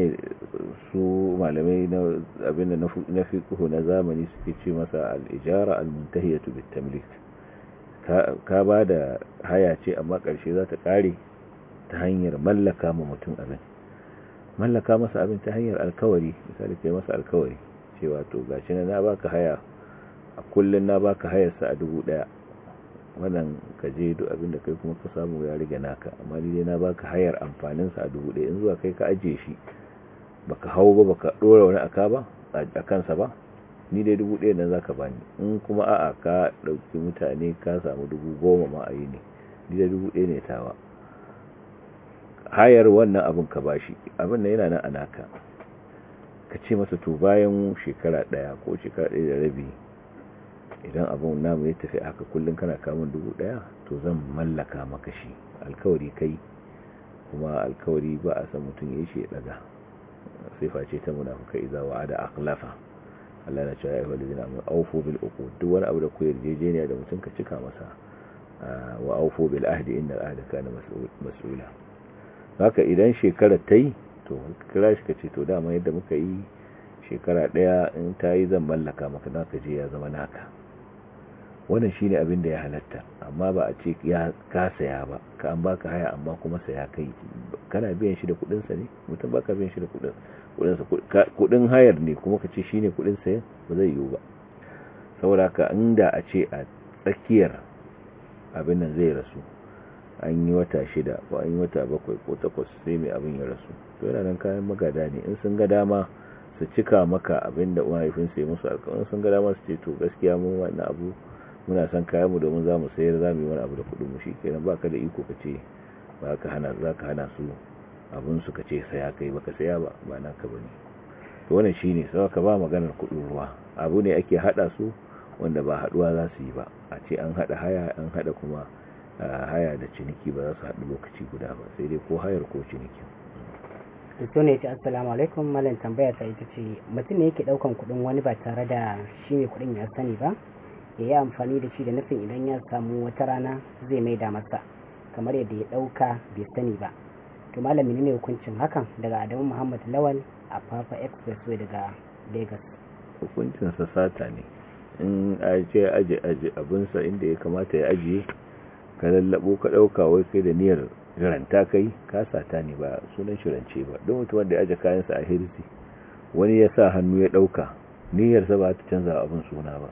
su malamai na abinda na fiƙihu na zamani suke ce masa al'ijara al-muntahiyatu bit ka ba da haya ce amma karshe za ta ƙare ta hanyar mallaka ma mutum abin mallaka masa abin ta hanyar alkawari misali kai masa alkawari cewa to gashi na baka haya a kullun na baka hayar sa a dubu daya wannan ka je duk abin da kai kuma ka samu ya riga naka amma ni dai na baka hayar amfanin sa a dubu daya in zuwa kai ka aje shi baka hawo ba baka dora wani aka ba a kansa ba ni dai dubu daya nan zaka bani in kuma a'a ka dauki mutane ka samu dubu goma ma a yi ne ni dai dubu daya ne tawa hayar wannan abin ka bashi abin da yana nan a naka ka ce masa to bayan shekara daya ko shekara daya da rabi idan abin namu ya tafi haka kullum kana kamun dubu daya to zan mallaka maka shi alkawari kai kuma alkawari ba a san mutum ya yi shi ya daga sai ce ta munafuka iza da akhlafa Allah na cewa yi ladina amanu aufo bil uku duk wani abu da ku yarjejeniya da mutum ka cika masa wa aufo bil ahdi innal ahda kana mas'ula haka idan shekara ta yi to kira shi ka ce to dama yadda muka yi shekara ɗaya in ta yi zan mallaka maka na ka je ya zama naka wannan shi abin da ya halatta amma ba a ce ya ka saya ba ka an baka haya amma kuma saya kai kana biyan shi da sa ne mutum baka biyan shi da kudin hayar ne kuma ka ce shi ne kudin sayan ba zai yiwu ba saboda ka inda a ce a tsakiyar abin nan zai rasu an yi wata shida ko an yi wata bakwai ko takwas sai mai abin ya rasu to yana nan kayan magada ne in sun ga dama su cika maka abin da mahaifin sai musu alƙawarin sun ga dama su ce to gaskiya mun wani abu muna son kayan mu domin za mu sayar za mu yi wani abu da kuɗin mu shi. kenan ba ka da iko ka ce ba ka hana za ka hana su abin su ka ce saya kai baka saya ba ba na ka bane to wannan shine sai ka ba maganar kuɗin ruwa abu ne ake hada su wanda ba haduwa za su yi ba a ce an hada haya an hada kuma haya da ciniki ba za su haɗu lokaci guda ba sai dai ko hayar ko ciniki to ne ce assalamu alaikum malam tambaya ta ita ce mutum ne yake daukan kuɗin wani ba tare da shi ne kuɗin ya sani ba ya yi amfani da shi da nufin idan ya samu wata rana zai mai da masa kamar yadda ya ɗauka bai sani ba to malami ne hukuncin hakan daga adamu muhammad lawal a papa expressway daga lagos hukuncinsa sata ne in a ce aji aji abinsa inda ya kamata ya ajiye ka lallabo ka ɗauka wai kai da niyyar ranta kai ka sata ne ba sunan shirance ba don mutum wanda ya aje kayansa a hirsi wani ya sa hannu ya ɗauka sa ba ta canza abin suna ba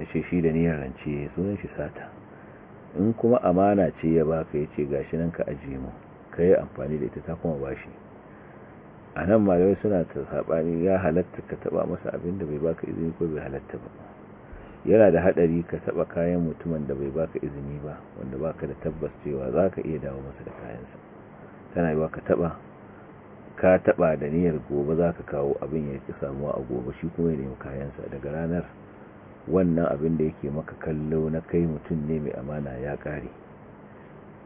ya ce shi da niyyar rance sunan shi sata in kuma amana ce ya baka ya ce gashi nan ka ajiye mu ka yi amfani da ita ta kuma bashi a nan malamai suna ta saɓani ya halatta ka taɓa masa abin da bai baka izini ko bai halatta ba yana da hadari ka taba kayan mutumin da bai baka izini ba wanda baka da tabbas cewa zaka iya dawo masa da kayansa tana yi ka taba ka taɓa da niyyar gobe zaka kawo abin ya ki samuwa a gobe shi kuma ya nemi kayansa daga ranar wannan abin da yake maka kallo na kai mutum ne mai amana ya kare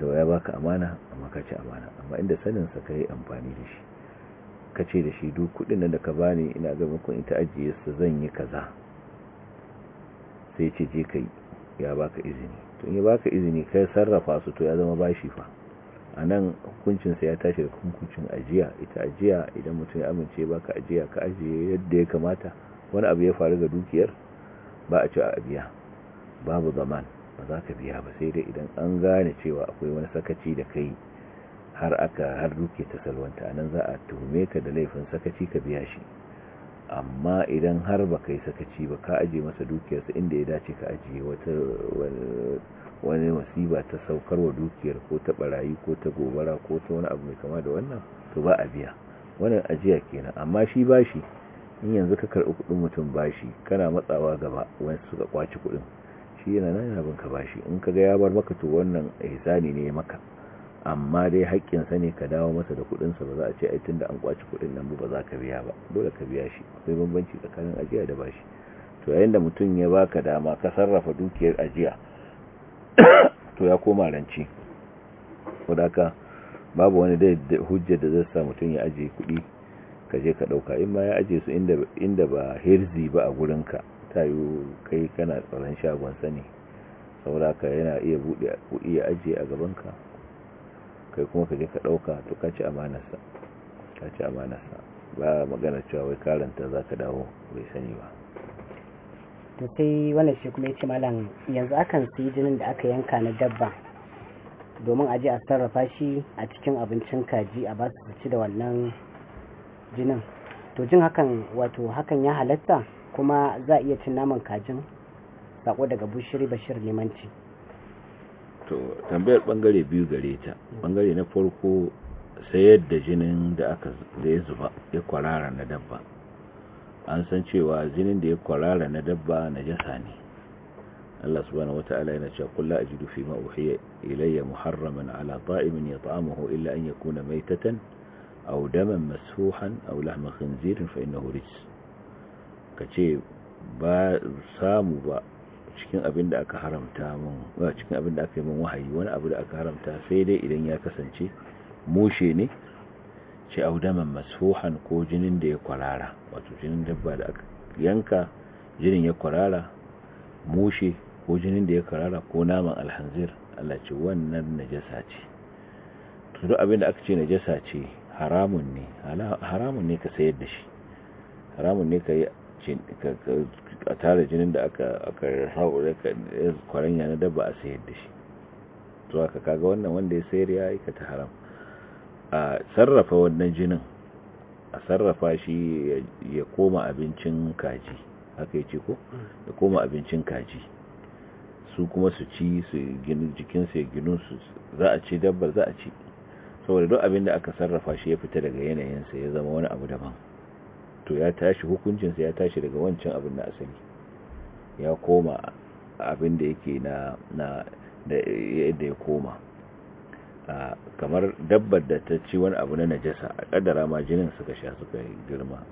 da ya baka amana amma ka ci amana amma inda saninsa ka yi amfani da shi ka ce da shi duk kudin da ka bani ina ga mukun ita ajiye su zan yi kaza sai ce je kai ya baka izini to in ya baka izini kai sarrafa su to ya zama bashi fa anan nan hukuncinsa ya tashi da hukuncin ajiya ita ajiya idan mutum ya amince baka ajiya ka ajiye yadda ya kamata wani abu ya faru ga dukiyar ba a ci a biya babu zaman ba za ka biya ba sai dai idan an gane cewa akwai wani sakaci da kai har aka har duke ta salwanta anan za a tuhume ka da laifin sakaci ka biya shi amma idan har ba yi sakaci ba ka aje masa dukiyarsa inda ya dace ka ajiye wata wani masiba ta saukar wa dukiyar ko ta barayi ko ta gobara ko ta wani abu mai kama da wannan to ba a biya wannan ajiya kenan amma shi bashi in yanzu ka karbi kuɗin mutum bashi kana matsawa gaba wani suka kwaci kuɗin shi yana nan yana ka bashi in ka ga ya bar maka to wannan ihsani ne maka amma dai haƙƙinsa ne ka dawo masa da sa ba za a ce ai tunda an kwaci kuɗin nan ba za ka biya ba dole ka biya shi akwai bambanci tsakanin ajiya da bashi to yayin da mutum ya baka dama ka sarrafa dukiyar ajiya to ya koma ranci wadaka babu wani da hujja da zai sa mutum ya ajiye kuɗi ka je ka ɗauka in ma ya ajiyesu su inda ba herzi ba a ka ta yi kai kana tsaron shagon sani saboda yana iya buɗe kuɗi ya ajiye a gaban ka. kai kuma ka je ka ɗauka to ka ci amanarsa ka ci amanarsa ba magana cewa wai karanta za ka dawo bai sani ba to sai wannan shi kuma ya ce malam yanzu akan siyi jinin da aka yanka na dabba domin a je a sarrafa shi a cikin abincin kaji a ba su ci da wannan jinin to jin hakan wato hakan ya halatta kuma za a iya cin naman kajin sako daga bushiri bashir limanci to tambayar bangare biyu gare ta bangare na farko sayar da jinin da aka da ya zuba ya kwarara na dabba an san cewa jinin da ya kwarara na dabba na jasa ne Allah subhanahu wata'ala yana cewa kullu ajidu fi ma uhiya ilayya muharraman ala ta'imin yat'amuhu illa an yakuna maytatan aw daman masfuhan aw lahma khinzirin fa innahu rijs kace ba samu ba cikin abin da aka haramta mun cikin abin da aka yi mun wahayi wani abu da aka haramta sai dai idan ya kasance mushe ne ce audaman masfuhan ko jinin da ya kwarara wato jinin dabba da aka yanka jinin ya kwarara mushe ko jinin da ya kwarara ko naman alhanzir Allah ce wannan najasa ce to duk abin da aka ce najasa ce haramun ne haramun ne ka sayar da shi haramun ne ka a tara jinin da aka aka haure ka yana na dabba a sayar da shi to aka kaga wannan wanda ya sayar ya aikata haram a sarrafa wannan jinin a sarrafa shi ya koma abincin kaji haka yace ko ya koma abincin kaji su kuma su ci su ginu jikinsu ya ginu su za a ci dabbar za a ci saboda duk abin da aka sarrafa shi ya fita daga yanayinsa ya zama wani abu daban to ya tashi hukuncinsa ya tashi daga wancan abin da asali ya koma abin da yake na yadda ya koma kamar dabbar da ta ci wani abu na najasa a kadara ma jinin suka sha suka girma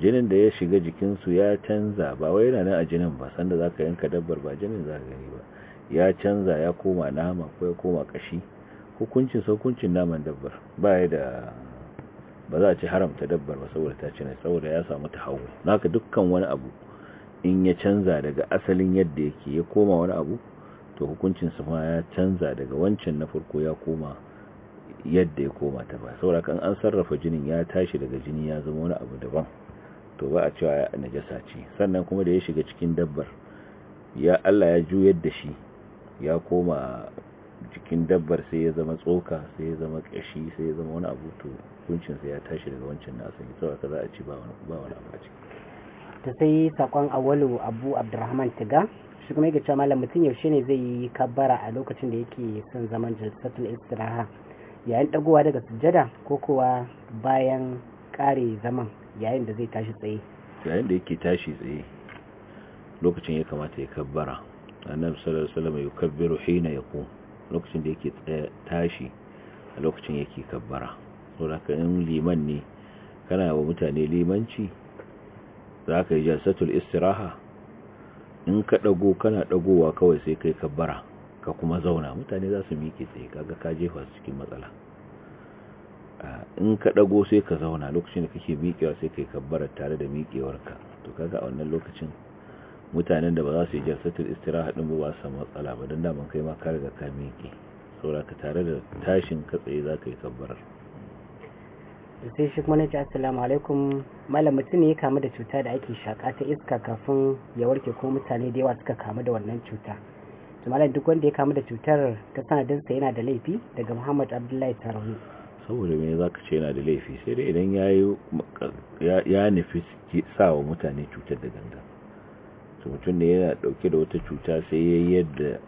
jinin da ya shiga jikinsu ya canza ba wai yana nan a jinin ba sanda za ka yanka dabbar ba jinin za ka gani ba ya canza ya koma nama ko ya koma kashi hukuncin hukuncin naman dabbar ba ya da ba za a ci haramta dabbar ba saboda ta ci saboda ya samu ta hawu naka dukkan wani abu in ya canza daga asalin yadda yake ya koma wani abu to hukuncin ma ya canza daga wancan na farko ya koma yadda ya koma ta ba saboda kan an sarrafa jinin ya tashi daga jini ya zama wani abu daban to ba a cewa najasa ce sannan kuma da ya shiga cikin dabbar ya Allah ya juyar da shi ya koma jikin dabbar sai ya zama tsoka sai ya zama kashi sai ya zama wani abu to sai ya tashi daga wancan nasan yi tsawaka za a ci ba wani abu a ciki ta sai sakon awalu abu abdurrahman tiga shi kuma yake cewa malam mutum yaushe ne zai yi kabbara a lokacin da yake son zaman jalsatul istiraha yayin dagowa daga sujjada ko kuwa bayan kare zaman yayin da zai tashi tsaye yayin da yake tashi tsaye lokacin ya kamata ya kabbara annabi sallallahu alaihi wasallam yukabbiru hina yaqum lokacin da yake eh, tashi a lokacin yake kabbara saboda ka in liman ne kana wa mutane limanci za ka yi jasatul istiraha in ka ɗago kana ɗagowa kawai sai kai kabbara ka kuma zauna mutane za su miƙe tsaye kaga ka jefa su cikin matsala in ka ɗago sai ka zauna lokacin da kake miƙewa sai kai kabbara tare da miƙewarka to kaga a wannan lokacin mutanen da ba za su yi jarsatar istiraha din ba su matsala ba don daman kai ma ka riga ka miƙe saura ka tare da tashin katsaye za ka yi tabbarar. sai shi kuma nace assalamu alaikum malam mutum ne ya kamu da cuta da ake shaka ta iska kafin ya warke ko mutane da yawa suka kamu da wannan cuta to malam duk wanda ya kamu da cutar ta sanadinsa yana da laifi daga Muhammad Abdullahi Tarawi saboda me za ka ce yana da laifi sai dai idan ya nufi sawa mutane cutar da ganga su mutum da yana dauke da wata cuta sai ya yadda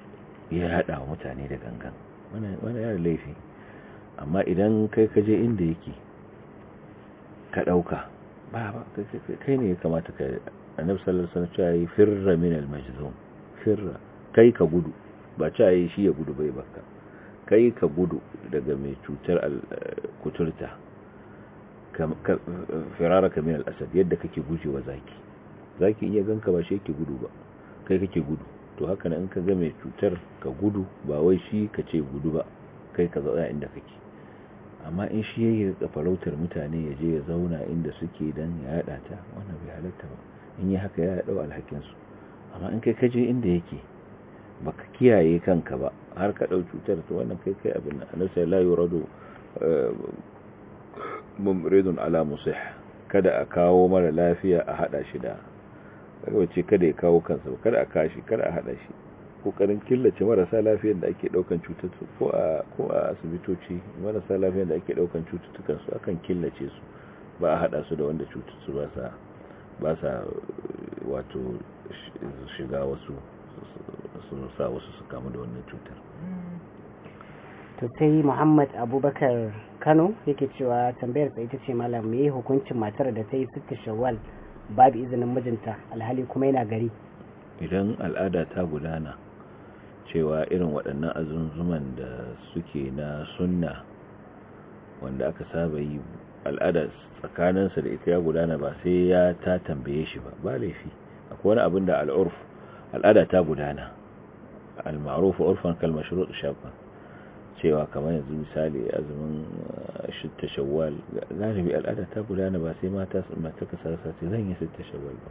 ya hada mutane da gangan wani yana laifi amma idan kai ka je inda yake ka dauka ba ba kai ne ya kamata ka annabi sallallahu alaihi wasallam cewa yi firra min al-majzum firra kai ka gudu ba cewa yi shi ya gudu bai baka kai ka gudu daga mai cutar kuturta firara min al-asad yadda kake gujewa zaki zaki iya ganka ba shi yake gudu ba kai kake gudu to haka nan in ka ga mai cutar ka gudu ba wai shi ka ce gudu ba kai ka zauna inda kake amma in shi yayi da farautar mutane ya je ya zauna inda suke dan ya hada ta wannan bai halatta ba in yi haka ya dau alhakin su amma in kai kaje inda yake baka kiyaye kanka ba har ka dau cutar to wannan kai kai abin nan annabi la yuradu eh, mumridun ala musih kada a kawo mara lafiya a hada shi da daga wace kada ya kawo kansa ba kada a kashi kada a hada shi kokarin killace marasa lafiyar da ake daukan cututtuka ko a ko a asibitoci marasa lafiyar da ake daukan cututtukan su akan killace su ba a hada su da wanda cututtu ba sa ba sa wato shiga wasu sun sa wasu su kamu da wannan cutar to sai Muhammad Abubakar Kano yake cewa tambayar sa ita ce malam me hukuncin matar da ta yi sitta Shawwal babu izinin mijinta alhali kuma yana gari idan al'ada ta gudana cewa irin waɗannan azunzuman da suke na sunna wanda aka saba yi al'ada tsakaninsa da ita ya gudana ba sai ya ta tambaye shi ba ba laifi akwai wani abin da al'ada ta gudana al-ma'ruf urfan kal shafan cewa kamar yanzu misali azumin uh, shitta shawwal galibi al'ada ta gudana ba sai mata mata ka sarasa ce zan yi shitta shawwal ba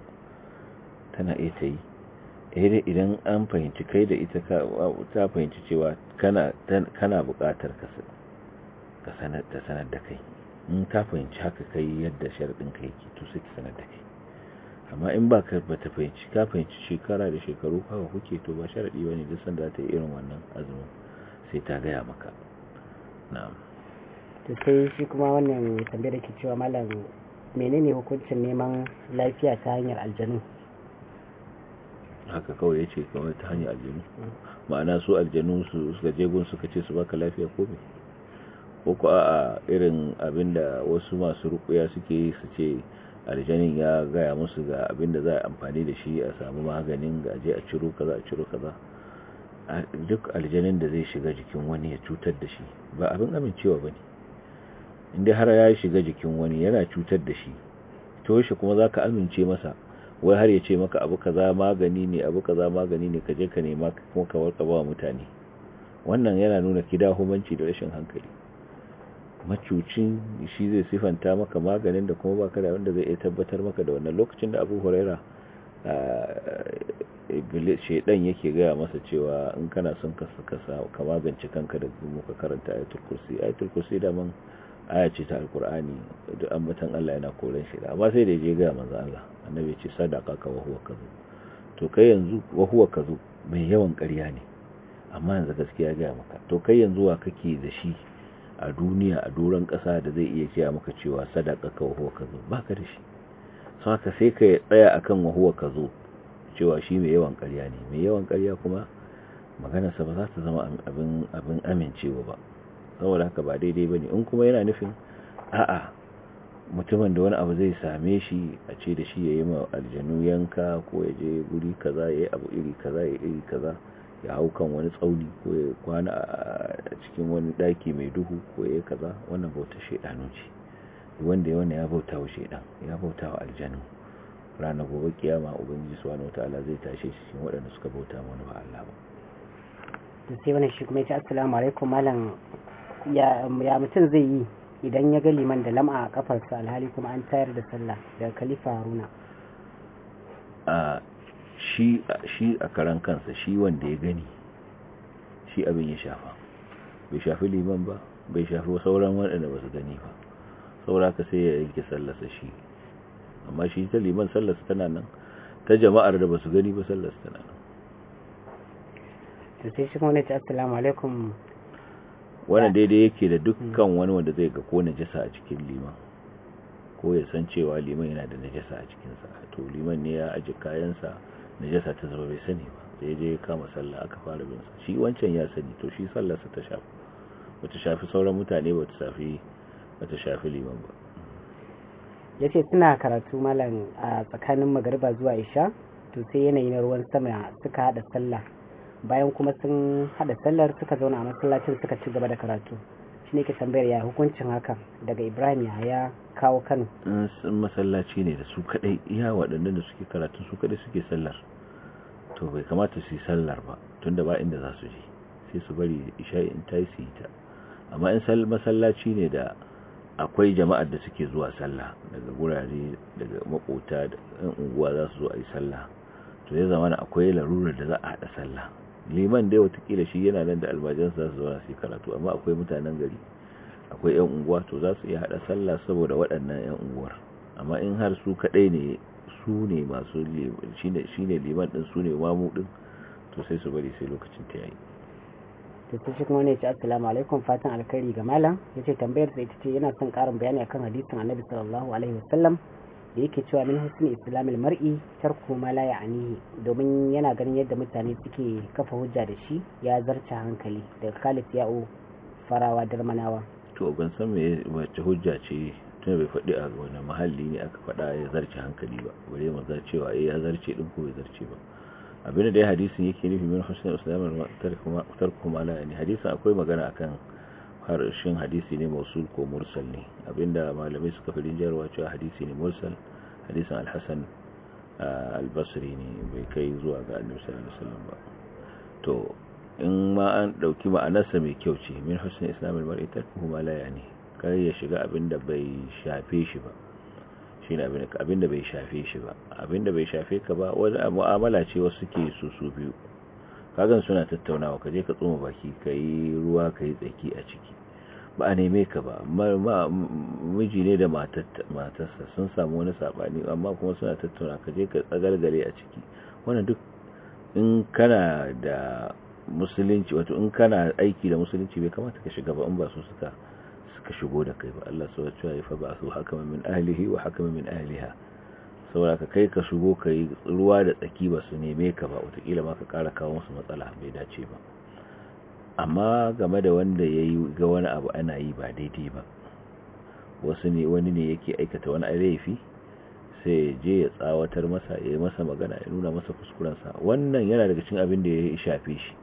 tana iya ta yi eh idan an fahimci kai da ita ta fahimci cewa kana kana buƙatar ka sanar da sanar da kai in ka fahimci haka kai yadda sharadin ka yake to sai ki sanar da kai amma in ba ka ta fahimci ka fahimci shekara da shekaru kawai kuke to ba sharadi bane duk sanda za ta yi irin wannan azumin sai ta gaya maka na sai shi kuma wannan tambayar da ke cewa malam menene hukuncin neman lafiya ta hanyar aljanu haka kawai ya ce kawai ta hanyar aljanu mm. ma'ana su aljanu su suka jegun suka ce su baka lafiya ko me ko a irin abinda wasu masu rukuya suke yi su ce aljanin ya gaya musu ga abinda za a amfani da shi a samu maganin ga a ciro kaza a ciro kaza duk aljanin da zai shiga jikin wani ya cutar da shi ba abin amincewa ba ne inda har ya shiga jikin wani yana cutar da shi to shi kuma za ka amince masa wai har ya ce maka abu kaza magani ne abu kaza magani ne ka je ka nema kuma ka warka ba mutane wannan yana nuna kida humanci da rashin hankali macucin shi zai sifanta maka maganin da kuma baka da wanda zai iya tabbatar maka da wannan lokacin da abu huraira shaidan yake gaya masa cewa in kana son ka ka magance kanka da zumu ka karanta ayatul kursi ayatul kursi da man aya ce ta alkur'ani duk ambatan Allah yana koren shi amma sai da je gaya manzo Allah annabi ce sadaka ka wa huwa kazu to kai yanzu wa huwa kazu mai yawan ƙarya ne amma yanzu gaskiya gaya maka to kai yanzu wa kake da shi a duniya a doron kasa da zai iya kiya maka cewa sadaka ka wa huwa kazu baka da shi saka sai ka tsaya akan wa huwa kazu cewa shi mai yawan karya ne mai yawan karya kuma maganarsa ba za ta zama abin amincewa ba saboda haka ba daidai ba ne in kuma yana nufin a'a mutumin da wani abu zai same shi a ce da shi ya yi aljanu yanka ko ya je guri kaza ya yi abu iri kaza ya iri kaza ya hau kan wani tsauni ko ya kwana a cikin wani daki mai duhu ko ya yi kaza wannan bauta shaidanu ce wanda ya wannan ya bauta wa shaidan ya bauta wa aljanu rana gobe kiyama ubangiji wata wata zai tashe shi cikin waɗanda suka bauta wani ba Allah ba da sai wannan shi kuma ya ce assalamu alaikum malam ya mutum zai yi idan ya ga liman da lam'a a kafarsa alhali kuma an tayar da sallah daga kalifa haruna a shi shi a karan kansa shi wanda ya gani shi abin ya shafa bai shafi liman ba bai shafi sauran waɗanda ba su gani ba saura ka sai ya yanke sallasa shi amma shi ta liman sallasa tana nan ta jama'ar da ba su gani ba sallasa tana nan to sai shi kuma ta assalamu alaikum wani daidai yake da hmm. dukkan wani wanda zai ga ko najasa a cikin liman ko ya san cewa liman yana da najasa a cikinsa to liman ne ya aji kayansa najasa ta zama bai sani ba sai je kama sallah aka fara bin sa shi wancan ya sani to shi sallarsa ta shafi ta shafi sauran mutane ba shafi shafi liman ba ya ce suna karatu malam a tsakanin magariba zuwa isha to sai yanayi na ruwan sama suka hada sallah bayan kuma sun hada sallar suka zauna a masallacin suka ci gaba da karatu shi ne ke tambayar ya hukuncin haka daga ibrahim ya kawo kano sun masallaci ne da su kadai iya waɗannan da suke karatu su kadai suke sallar to bai kamata su yi sallar ba tunda ba inda za su je sai su bari isha'i in ta yi su yi ta amma in masallaci ne da akwai jama'ar da suke zuwa sallah daga gurare daga makota da yan unguwa za su zo a yi sallah to ya zama akwai larurar da za a haɗa sallah liman dai watakila shi yana nan da almajansa za su zauna su yi karatu amma akwai mutanen gari akwai yan unguwa to za su iya haɗa sallah saboda waɗannan yan unguwar amma in har su kaɗai ne su ne masu shi ne liman ɗin su ne mamu ɗin to sai su bari sai lokacin ta yayi to sai shi kuma ne ce assalamu alaikum fatan alkhairi ga malam yace tambayar da ita ce yana son karin bayani akan hadisin annabi sallallahu alaihi wasallam da yake cewa min husni islamil mar'i tarku ma la ya'nihi domin yana ganin yadda mutane suke kafa hujja da shi ya zarce hankali daga khalif Ya'u farawa darmanawa to ban san me wace hujja ce tun bai faɗi a wani mahalli ne aka faɗa ya zarce hankali ba bare mu zarcewa eh ya zarce din ko bai zarce ba abin da ya hadisin yake nufi min husnul islam tarkuma la yani hadisin akwai magana akan harshen hadisi ne mosul ko mursal ne abinda malamai suka fi rinjarwa cewa hadisi ne mursal hadisin alhassan albasri ne bai kai zuwa ga annabi sallallahu ba to in ma an dauki ma'anarsa mai kyau ce min hussein islam al-mar'i kuma la yani kar ya shiga abinda bai shafe shi ba shi ne abinda bai shafe shi ba abinda bai shafe ka ba wani mu'amala ce wasu ke su su biyu kagan suna tattaunawa kaje ka tsoma baki ka ruwa ka tsaki a ciki ba a neme ka ba miji ne da matarsa sun samu wani saɓani amma kuma suna tattauna ka je ka tsagargare a ciki wannan duk in kana da musulunci wato in kana aiki da musulunci bai kamata ka shiga ba in ba su suka aka shigo da kai ba Allah sau cewa ya ba su hakama min ahlihi wa hakama min ahliha saboda ka kai ka shigo kai ruwa da tsaki ba su neme ka ba wataƙila ma ka ƙara kawo musu matsala bai dace ba amma game da wanda ya yi ga wani abu ana yi ba daidai ba wasu ne wani ne yake aikata wani laifi sai je ya tsawatar masa ya yi masa magana ya nuna masa kuskurensa wannan yana daga cikin abin da ya shafe shi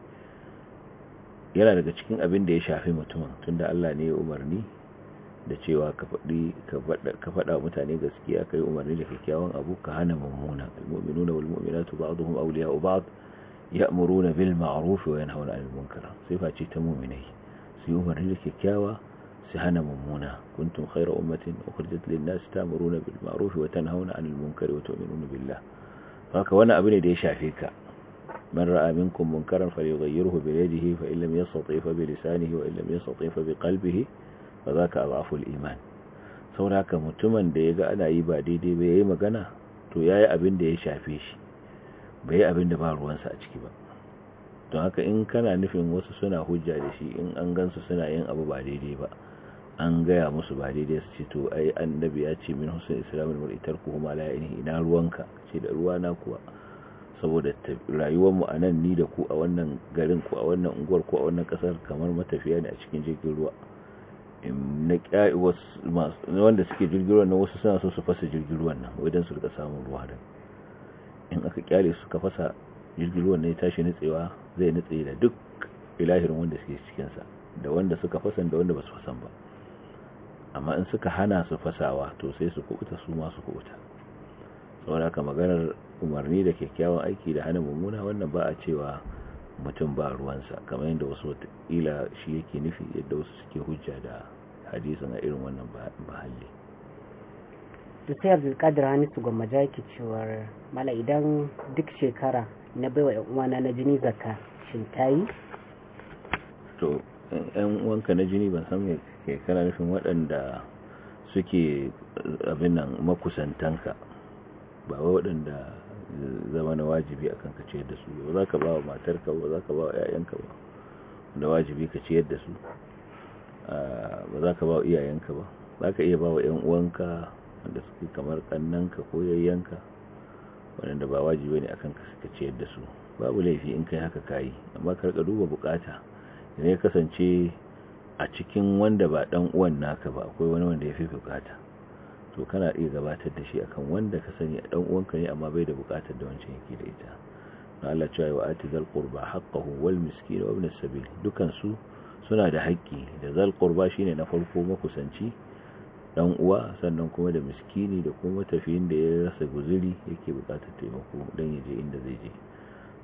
yana daga cikin abin da ya shafi mutumin tunda Allah ne ya umarni da cewa ka faɗi ka faɗa mutane gaskiya ka yi umarni da kyakkyawan abu ka hana mummuna almu'minuna wal mu'minatu ba'dhum awliya'u ba'd ya'muruna bil ma'ruf wa yanhauna 'anil Sai sifa ce ta mu'minai su umarni da kyakkyawa su hana mummuna kuntum khayra ummatin ukhrijat lin nas ta'muruna bil ma'ruf wa tanhauna 'anil munkar wa tu'minuna billah haka wani abu ne da ya shafe ka من رأى منكم منكرا فليغيره بيده فإن لم يستطيع فبلسانه وإن لم يستطيع فبقلبه ba za ka abaful iman sauraka mutumin da ya ga ana yi ba daidai bai yi magana to ya yi abin da ya shafe shi bai yi abin da ba ruwansa a ciki ba don haka in kana nufin wasu suna hujja da shi in an gansu suna yin abu ba daidai ba an gaya musu ba daidai su ce to ai annabi ya ce min islam da mul'itar ku kuma la'ini ina ruwanka ce da ruwa na kuwa saboda mu a nan ni da ku a wannan garin ku a wannan unguwar ku a wannan kasar kamar matafiya ne a cikin jirgin ruwa wanda suke jirgin na wasu suna so su fasa jirgin ruwan nan wajen su rika samun ruwa da in aka kyale su ka fasa jirgin ruwan ne tashi nutsewa zai nutse da duk ilahirin wanda suke cikinsa da wanda suka fasan da wanda ba su fasan ba amma in suka hana su fasawa to sai su kubuta su ma su kubuta saboda ka maganar umarni da kyakkyawan aiki da hana mummuna wannan ba a cewa mutum ba ruwansa kamar yadda wasu wataƙila shi yake nufi yadda wasu suke hujja da hadisin a irin wannan mahalli da sai abdulkadir su gwammaja jaki cewar mala idan duk shekara na baiwa yan uwana na jini zakka shin ta yi to yan uwanka na jini ban san me kana nufin waɗanda suke abin nan makusantanka ba waɗanda zama na wajibi akan ka ciyar da su ba za ka ba wa matarka ba za ka ba wa 'ya'yanka ba da wajibi ka ciyar da su ba za ka ba wa iyayenka ba za ka iya ba wa 'yan uwanka wanda suke kamar ƙannanka ko yayyanka waɗanda ba wajibi ne akan ka suka ciyar da su babu laifi in kai haka kayi amma ka duba bukata idan ya kasance a cikin wanda ba dan uwan naka ba akwai wani wanda ya fi bukata to kana iya gabatar da shi akan wanda ka sani a dan uwanka ne amma bai da bukatar da wancan yake da ita Allah cewa wa ati zal qurba haqqahu wal miskin wa ibn as-sabil dukan su suna da haƙƙi da zal qurba shine na farko makusanci dan uwa sannan kuma da miskini da kuma tafiyin da ya rasa guzuri yake bukatar taimako dan ya je inda zai je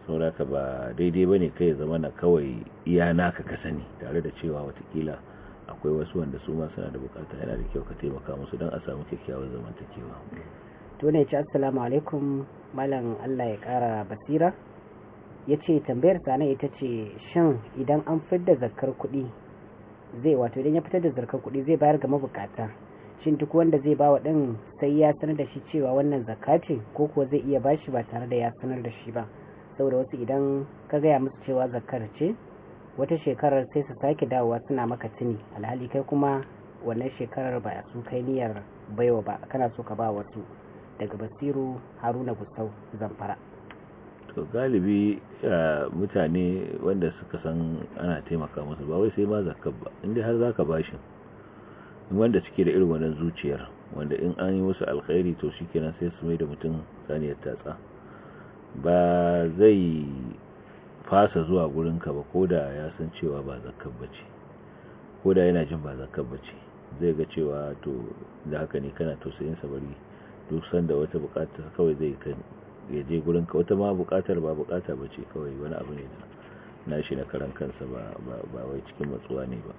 saboda ka ba daidai bane kai na kawai iya naka ka sani tare da cewa watakila akwai wasu wanda su ma suna da bukata yana da kyau ka taimaka musu don a samu kyakkyawar zamantakewa to ne ci assalamu alaikum malam Allah ya kara basira ya ce tambayar sana ita ce shin idan an fidda zakar kuɗi zai wato idan ya fitar da zarkar kuɗi zai bayar ga mabukata shin duk wanda zai ba wa ɗin sai ya sanar da shi cewa wannan zakka ce ko kuwa zai iya bashi ba tare da ya sanar da shi ba saboda wasu idan ka gaya musu cewa zakar ce wata shekarar sai su sake dawowa suna maka tuni alhali kai kuma wannan shekarar ba su kai niyyar baiwa ba kana so ka ba wasu daga basiru haruna gusau zamfara to galibi eh, mutane wanda suka san ana taimaka musu ba wai sai ma zakar ba inda har zaka shi wanda suke da irin wannan zuciyar wanda in an yi musu alkhairi to shi kenan sai su mai da mutum saniyar tatsa ba zai fasa zuwa ka ba ko ya san cewa ba zakar bace ko yana jin ba zakar bace zai ga cewa to da haka ne kana tausayin sa bari duk sanda wata bukata kawai zai kan ya je gurinka wata ma bukatar ba bukata bace kawai wani abu ne da na shi na karan kansa ba ba wai cikin matsuwa ne ba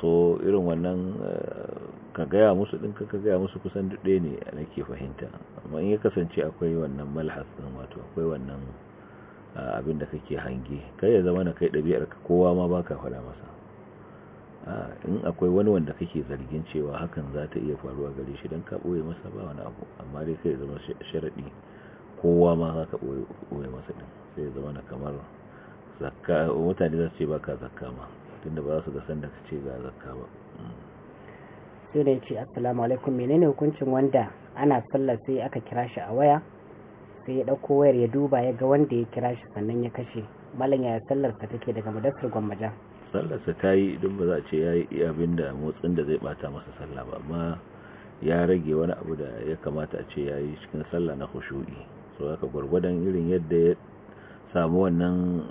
so irin wannan eh, ka gaya musu din ka gaya musu kusan duɗe ne nake fahimta amma in ya kasance akwai wannan malhas ɗin wato akwai wannan abin da kake hangi kai ya zama na kai ɗabi'ar ka kowa ma baka faɗa masa in akwai wani wanda kake zargin cewa hakan za ta iya faruwa gare shi don ka ɓoye masa ba wani abu amma dai kai zama sharaɗi kowa ma za ka ɓoye masa ɗin sai zama na kamar mutane za su ce baka zakka ma tunda ba za su ga san da ka ce ga zakka ba sai da ya ce assalamu alaikum menene hukuncin wanda ana sallah sai aka kira shi a waya sai ya ɗauko wayar ya duba ya ga wanda ya kira shi sannan ya kashe malam yaya sallarsa take daga mudassar gwammaja sallarsa ta yi idan ba za a ce ya yi abin da motsin da zai bata masa sallah ba amma ya rage wani abu da ya kamata a ce ya yi cikin sallah na khushu'i so haka gwargwadon irin yadda ya samu wannan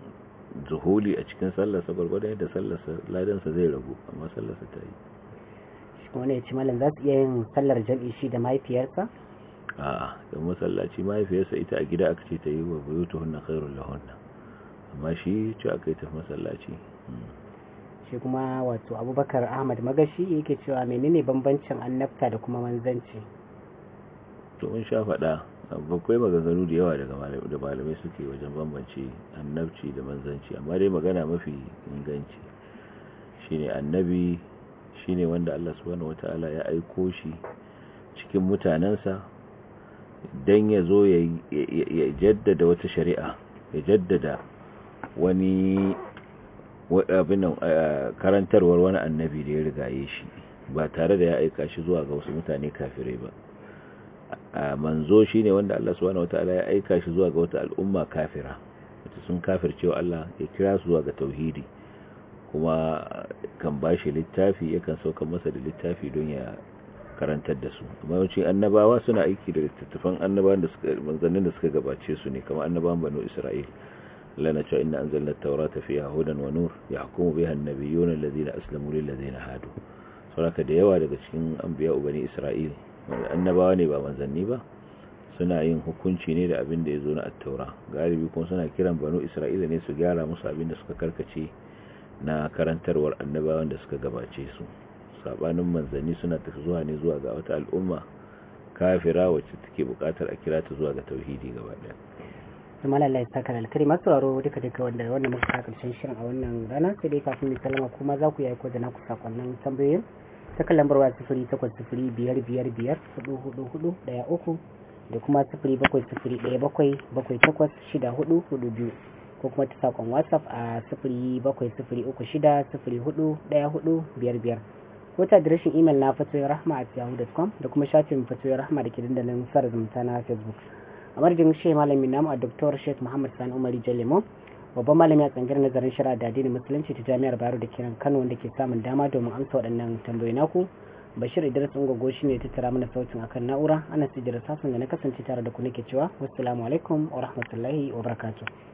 zuhuli a cikin sallarsa gwargwadon yadda sallarsa ladansa zai ragu amma sallarsa ta yi wani ya ci malam za su iya yin sallar jam'i shi da mahaifiyarsa A'a, don masallaci mahaifiyarsa ita a gida aka ce ta yi wa buyutu hunna khairun lahunna amma shi ce aka yi ta masallaci hmm. shi kuma wato abubakar ahmad magashi yake cewa menene bambancin annabta da kuma manzanci to in sha faɗa bakwai maganganu da yawa daga malamai suke wajen bambance annabci da manzanci amma dai magana mafi inganci shine annabi shine wanda Allah subhanahu wataala ya aiko shi cikin mutanensa don ya zo ya jaddada wata shari'a ya jaddada wani abinan eh, karantarwar wani annabi da ya rigaye shi ba tare da ya aika shi zuwa ga wasu mutane kafirai ba manzo ne wanda Allah wata ala ya aika shi zuwa ga wata al'umma kafira wata sun kafircewa Allah ya kira su zuwa ga tauhidi kuma kan ba shi littafi yakan sauka masa da littafi don ya karantar da su amma yawanci annabawa suna aiki da littattafan annabawan da suka manzannin da suka gabace su ne kamar annabawan banu isra'il lana cewa inna anzalna tawrata fiha hudan wa nur yahkumu biha an-nabiyyun alladhina aslamu lil ladina hadu saboda da yawa daga cikin anbiya ubani isra'il annabawa ne ba manzanni ba suna yin hukunci ne da abin da ya zo na taura? galibi kuma suna kiran banu isra'ila ne su gyara musu abin da suka karkace na karantarwar annabawan da suka gabace su sabanin manzanni suna tafi zuwa ne zuwa ga wata al'umma kafira wacce take buƙatar a kira ta zuwa ga tauhidi gaba ɗaya kuma ya saka alkari masu tsaro duka duka wanda wannan muka ka karshen shirin a wannan rana sai dai kafin mu salama kuma za ku yi aiko da naku sakonnin tambayoyin ta kan lambar waya sifiri takwas sifiri biyar biyar biyar hudu hudu hudu uku da kuma sifiri bakwai sifiri daya bakwai bakwai takwas shida hudu hudu biyu ko kuma ta saƙon whatsapp a sifiri bakwai sifiri uku shida sifiri hudu daya hudu biyar biyar wata adireshin imel na fatoyin rahma a yahoo.com da kuma shafin fatoyin rahma da ke dandalin sada zumunta na facebook a madadin shi malamin namu a dr sheikh muhammad sani umari lemo babban malami a tsangar nazarin shari'a da addinin musulunci ta jami'ar bayero da ke kano wanda ke samun dama domin amsa waɗannan tambayoyi naku bashir idris ungogo shi ne tattara mana sautin akan na'ura ana sijira sasun da na kasance tare da ku nake cewa wassalamu alaikum wa rahmatullahi wa barakatuh